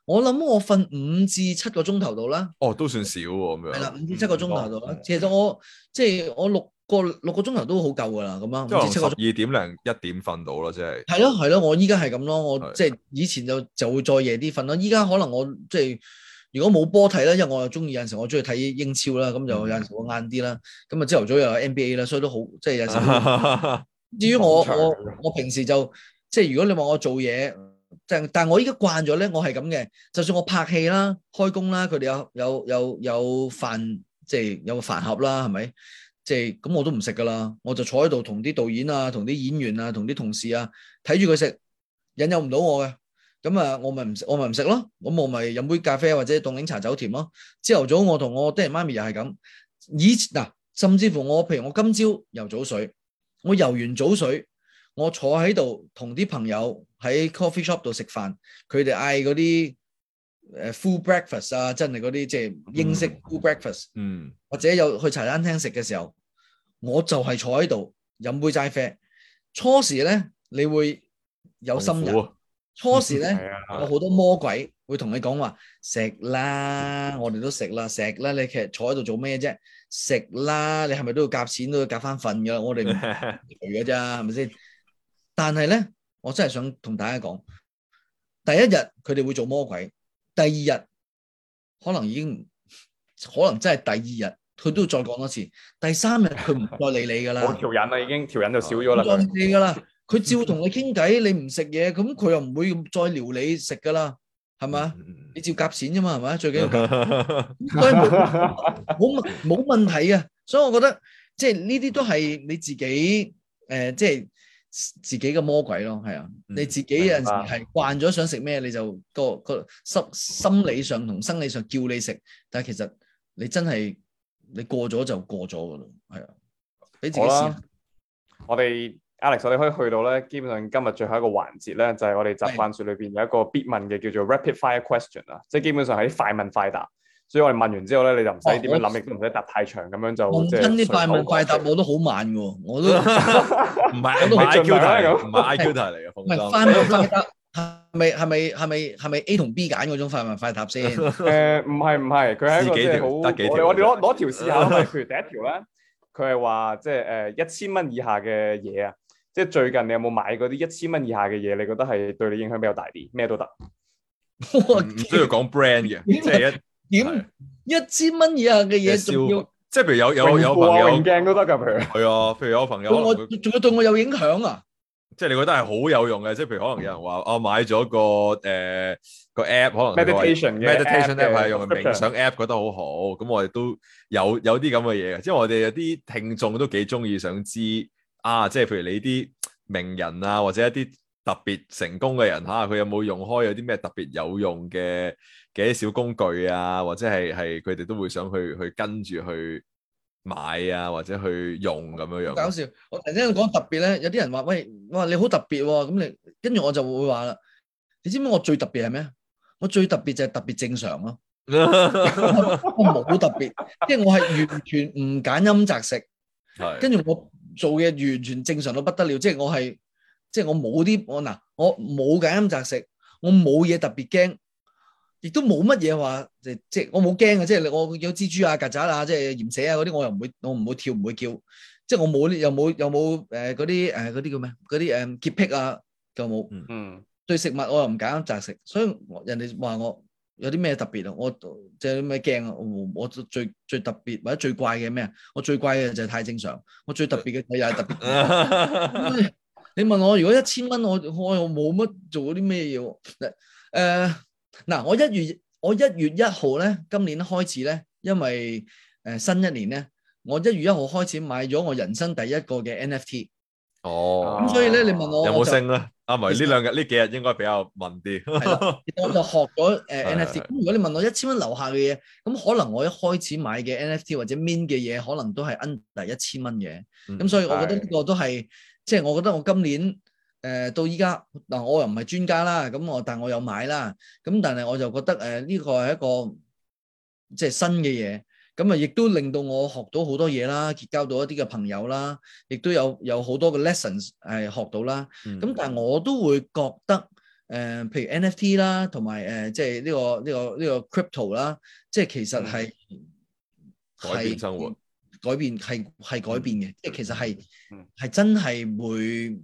我諗我瞓五至七個鐘頭度啦。 哦，都算少咁樣。係啦，五至七個鐘頭度啦。其實我 即係我六。我個六個鐘頭都好夠噶啦，咁樣，二點零一點瞓到咯，即係係咯係咯，我依家係咁咯，我即係以前就就會再夜啲瞓咯，依家可能我即係如果冇波睇啦，因為我又中意有陣時我中意睇英超啦，咁就有陣時我晏啲啦，咁啊朝頭早又有 NBA 啦，所以都好即係有陣時。至於我 文我我,我平時就即係如果你話我做嘢，但但係我依家慣咗咧，我係咁嘅，就算我拍戲啦、開工啦，佢哋有有有有飯即係有個飯盒啦，係咪？即係咁，我都唔食噶啦，我就坐喺度同啲導演啊、同啲演員啊、同啲同事啊睇住佢食，引誘唔到我嘅。咁啊，我咪唔我咪唔食咯。咁我咪飲杯咖啡或者凍檸茶走甜咯。朝頭早我同我爹哋媽咪又係咁。以前嗱，甚至乎我譬如我今朝游早水，我游完早水，我坐喺度同啲朋友喺 coffee shop 度食飯，佢哋嗌嗰啲。誒，full breakfast 啊，真係嗰啲即係英式 full breakfast，嗯，或者有去茶餐廳食嘅時候，我就係坐喺度飲杯齋啡。初時咧，你會有心人，初時咧有好多魔鬼會同你講，話食啦，我哋都食啦，食啦，你其實坐喺度做咩啫？食啦，你係咪都要夾錢都要夾翻份噶？我哋唔肥噶咋，係咪先？但係咧，我真係想同大家講，第一日佢哋會做魔鬼。第二日可能已經，可能真係第二日佢都要再講多次，第三日佢唔再理你噶啦，條 人啦已經條人就少咗啦，佢嘅啦，佢照同你傾偈，你唔食嘢，咁佢又唔會再撩你食噶啦，係咪？你照夾錢啫嘛，係咪？最緊要冇冇 問題啊，所以我覺得即係呢啲都係你自己誒、呃，即係。自己嘅魔鬼咯，係啊,啊，你自己有陣時係慣咗想食咩，你就個個心心理上同生理上叫你食，但係其實你真係你過咗就過咗噶啦，係啊，俾自己先。我哋 Alex，你可以去到咧，基本上今日最後一個環節咧，就係、是、我哋習慣說裏邊有一個必問嘅的叫做 rapid fire question 啊，即係基本上係啲快問快答。所以我哋問完之後咧，你就唔使點樣諗，亦都唔使答太長咁樣就。我問親啲快問快答，我都好慢噶喎，我都唔係，我都係 IQT 啊，唔係 IQT 嚟嘅。唔係翻個快答，係咪係咪係咪係咪 A 同 B 揀嗰種快問快答先？誒，唔係唔係，佢係幾條我哋攞攞條試下。譬如第一條咧，佢係話即係誒一千蚊以下嘅嘢，啊，即係最近你有冇買嗰啲一千蚊以下嘅嘢，你覺得係對你影響比較大啲？咩都得，唔需要講 brand 嘅，即係一。點，一千蚊以下嘅嘢仲要，即係譬如有有有朋友用鏡都得㗎，譬如係啊，譬如有朋友，我仲會對我有影響啊？即係你覺得係好有用嘅，即係譬如可能有人話，我、哦、買咗個誒、呃、個 app，可能 meditation，meditation app 係用個冥想 app，覺得好好。咁、嗯、我哋都有有啲咁嘅嘢嘅，即係我哋有啲聽眾都幾中意想知啊，即係譬如你啲名人啊，或者一啲。特別成功嘅人哈，佢有冇用開有啲咩特別有用嘅、嘅啲小工具啊？或者係係佢哋都會想去去跟住去買啊，或者去用咁樣樣。搞笑，我頭先講特別咧，有啲人話喂，哇，你好特別，咁你跟住我就會話啦。你知唔知我最特別係咩？我最特別就係特別正常咯，我冇好特別，即係我係完全唔揀飲擇食，係。跟住我做嘢，完全正常到不得了，即係我係。即係我冇啲我嗱，我冇揀飲擇食，我冇嘢特別驚，亦都冇乜嘢話，即係即係我冇驚嘅。即係我有蜘蛛啊、曱甴啊，即係鹽蛇啊嗰啲，我又唔會，我唔會跳，唔會叫。即係我冇又冇又冇誒嗰啲誒啲叫咩？嗰啲誒潔癖啊，就冇。嗯，對食物我又唔揀飲擇食，所以人哋話我有啲咩特別啊？我就有啲咩驚。我最最特別或者最怪嘅咩？我最怪嘅就係太正常。我最特別嘅又係特別。 你問我如果一千蚊，我我又冇乜做咗啲咩嘢？誒，嗱，我一、啊 uh, 月我一月一號咧，今年開始咧，因為誒新一年咧，我一月一號開始買咗我人生第一個嘅 NFT。哦。咁所以咧，你問我有冇升咧？阿梅呢兩日呢幾日應該比較穩啲 。我就學咗誒 NFT。咁如果你問我一千蚊樓下嘅嘢，咁可能我一開始買嘅 NFT 或者 MIN 嘅嘢，可能都係 under 一千蚊嘅。咁的所以，我覺得呢個都係。即係我覺得我今年誒、呃、到依家嗱，我又唔係專家啦，咁我但係我有買啦，咁但係我就覺得誒呢、呃這個係一個即係新嘅嘢，咁啊亦都令到我學到好多嘢啦，結交到一啲嘅朋友啦，亦都有有好多嘅 lessons 係學到啦。咁、嗯、但係我都會覺得誒、呃，譬如 NFT 啦，同埋誒即係呢、這個呢、這個呢、這個 crypto 啦，即係其實係、嗯、改變生活。改變係係改變嘅，即係其實係係真係會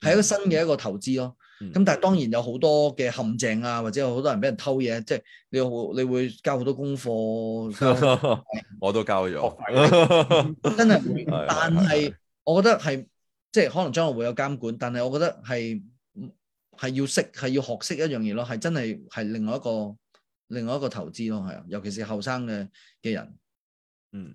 係一個新嘅一個投資咯。咁、嗯、但係當然有好多嘅陷阱啊，或者有好多人俾人偷嘢，即係你會你會交好多功課。 我都交教咗， 真係。但係我覺得係即係可能將來會有監管，但係我覺得係係要識係要學識一樣嘢咯，係真係係另外一個另外一個投資咯，係啊，尤其是後生嘅嘅人，嗯。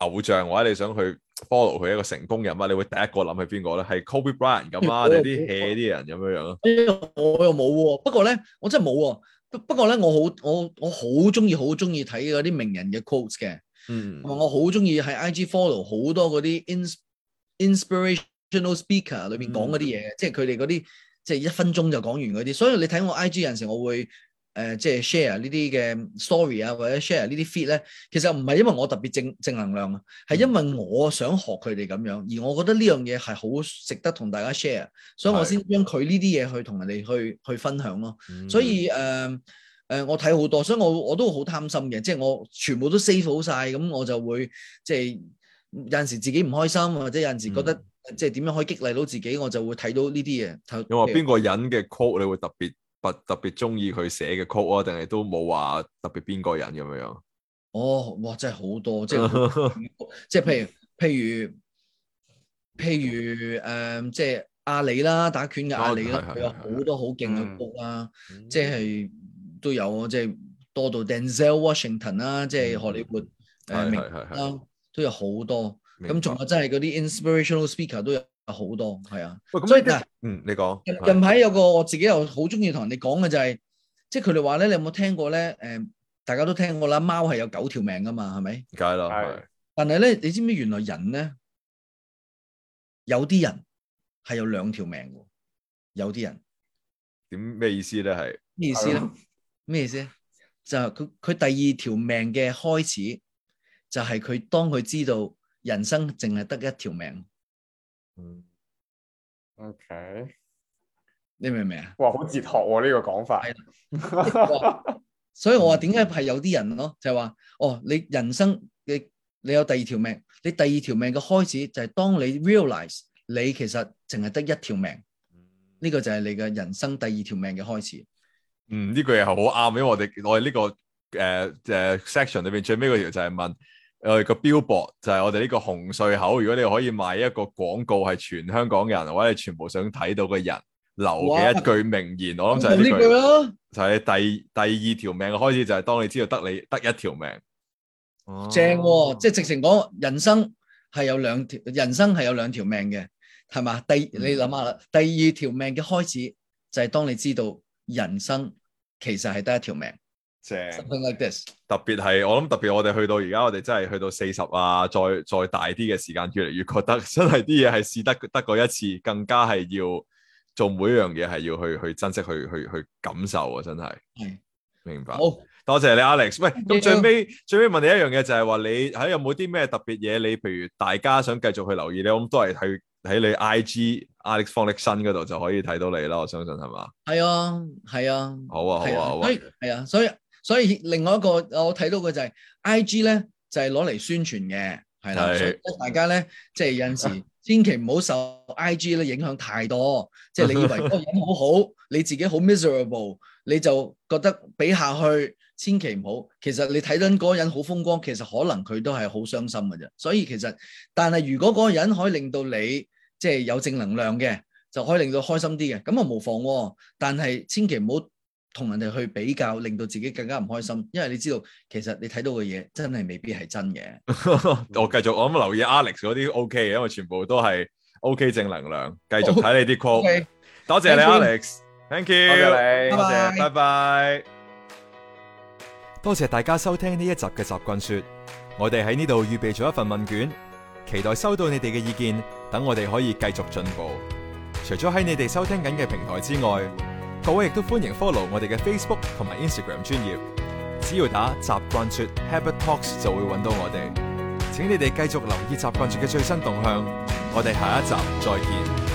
偶像或者你想去 follow 佢一個成功人物，你會第一個諗係邊個咧？係 Kobe Bryant 咁啊，定啲 hea 啲人咁樣樣咯。我又冇喎，不過咧，我真係冇喎。不不過咧，我好我我好中意好中意睇嗰啲名人嘅 quotes 嘅。嗯。同埋我好中意喺 IG follow 好多嗰啲 ins inspirational speaker 裏邊講嗰啲嘢，即係佢哋嗰啲即係一分鐘就講完嗰啲。所以你睇我 IG 有陣時，我會。誒，即係 share 呢啲嘅 story 啊，或者 share 呢啲 fit 咧，其實唔係因為我特別正正能量啊，係因為我想學佢哋咁樣，而我覺得呢樣嘢係好值得同大家 share，所以我先將佢呢啲嘢去同的人哋去去分享咯。嗯、所以誒誒、呃呃，我睇好多，所以我我都好貪心嘅，即係我全部都 save 好晒，咁、嗯、我就會即係有陣時自己唔開心，或者有陣時覺得、嗯、即係點樣可以激勵到自己，我就會睇到呢啲嘢。你話邊個人嘅 quote 你會特別？特特別中意佢寫嘅曲啊，定係都冇話特別邊個人咁樣樣？哦，哇，真係好多，即係即係譬如譬如譬如誒，即係阿里啦，打拳嘅阿里啦，佢有好多好勁嘅曲啊，即係都有，即係多到 Denzel Washington 啦，即係荷里活誒明星啦，都有好多，咁仲有真係嗰啲 inspirational speaker 都有。好多係啊，喂所以嗯，你講近排有個我自己又好中意同人哋講嘅就係、是，即係佢哋話咧，你有冇聽過咧？誒、呃，大家都聽過啦，貓係有九條命噶嘛，係咪？梗係啦，係的。但係咧，你知唔知原來人咧有啲人係有兩條命嘅，有啲人點咩意思咧？係咩意思咧？咩 意思？就係佢佢第二條命嘅開始，就係、是、佢當佢知道人生淨係得一條命。嗯，OK，你明唔明啊？哇，好哲學呢個講法， 所以我話點解係有啲人咯，就係、是、話哦，你人生嘅你，你有第二條命，你第二條命嘅開始就係當你 realize 你其實淨係得一條命，呢、這個就係你嘅人生第二條命嘅開始。嗯，呢句嘢係好啱，因為我哋我哋呢、這個誒誒、uh, uh, section 裏邊最尾嗰條就係問。呃這個、我哋個標榜就係我哋呢個紅隧口，如果你可以買一個廣告，係全香港人或者係全部想睇到嘅人留嘅一句名言，哇我諗就係呢句咯。句就係第第二條命嘅開始，就係當你知道得你得一條命。哦，正、啊，即係直情講，人生係有兩條，人生係有兩條命嘅，係嘛？第你諗下啦，嗯、第二條命嘅開始就係當你知道人生其實係得一條命。即係，特別係，我諗特別我哋去到而家，我哋真係去到四十啊，再再大啲嘅時間，越嚟越覺得真係啲嘢係試得得過一次，更加係要做每一樣嘢係要去去珍惜去去去感受啊！真係，係明白，好多謝你 Alex。喂，咁最尾最尾問你一樣嘢就係話你喺有冇啲咩特別嘢？你譬如大家想繼續去留意咧，我諗都係喺喺你 IG Alex Fong Lik Sun 嗰度就可以睇到你啦。我相信係嘛？係啊，係啊，好啊，好啊，所以係啊，所以。所以另外一個我睇到嘅就係、是、I G 咧就係攞嚟宣傳嘅係啦，的大家咧即係有陣時千祈唔好受 I G 咧影響太多，即係 你以為嗰個人好好，你自己好 miserable，你就覺得比下去千祈唔好。其實你睇到嗰個人好風光，其實可能佢都係好傷心嘅啫。所以其實，但係如果嗰個人可以令到你即係、就是、有正能量嘅，就可以令到開心啲嘅，咁啊無妨、哦。但係千祈唔好同人哋去比較，令到自己更加唔開心，因為你知道其實你睇到嘅嘢真係未必係真嘅。 我繼續，我咁留意 Alex 嗰啲 O K，因為全部都係 O K 正能量。繼續睇你啲 call，Okay. 多謝你 Alex，Thank you，多謝，拜拜。多謝大家收聽呢一集嘅習慣説，我哋喺呢度預備咗一份問卷，期待收到你哋嘅意見，等我哋可以繼續進步。除咗喺你哋收聽緊嘅平台之外，各位亦都歡迎 follow 我哋嘅 Facebook 同埋 Instagram 專頁，只要打習慣説 Habit Talks 就會揾到我哋。請你哋繼續留意習慣説嘅最新動向，我哋下一集再見。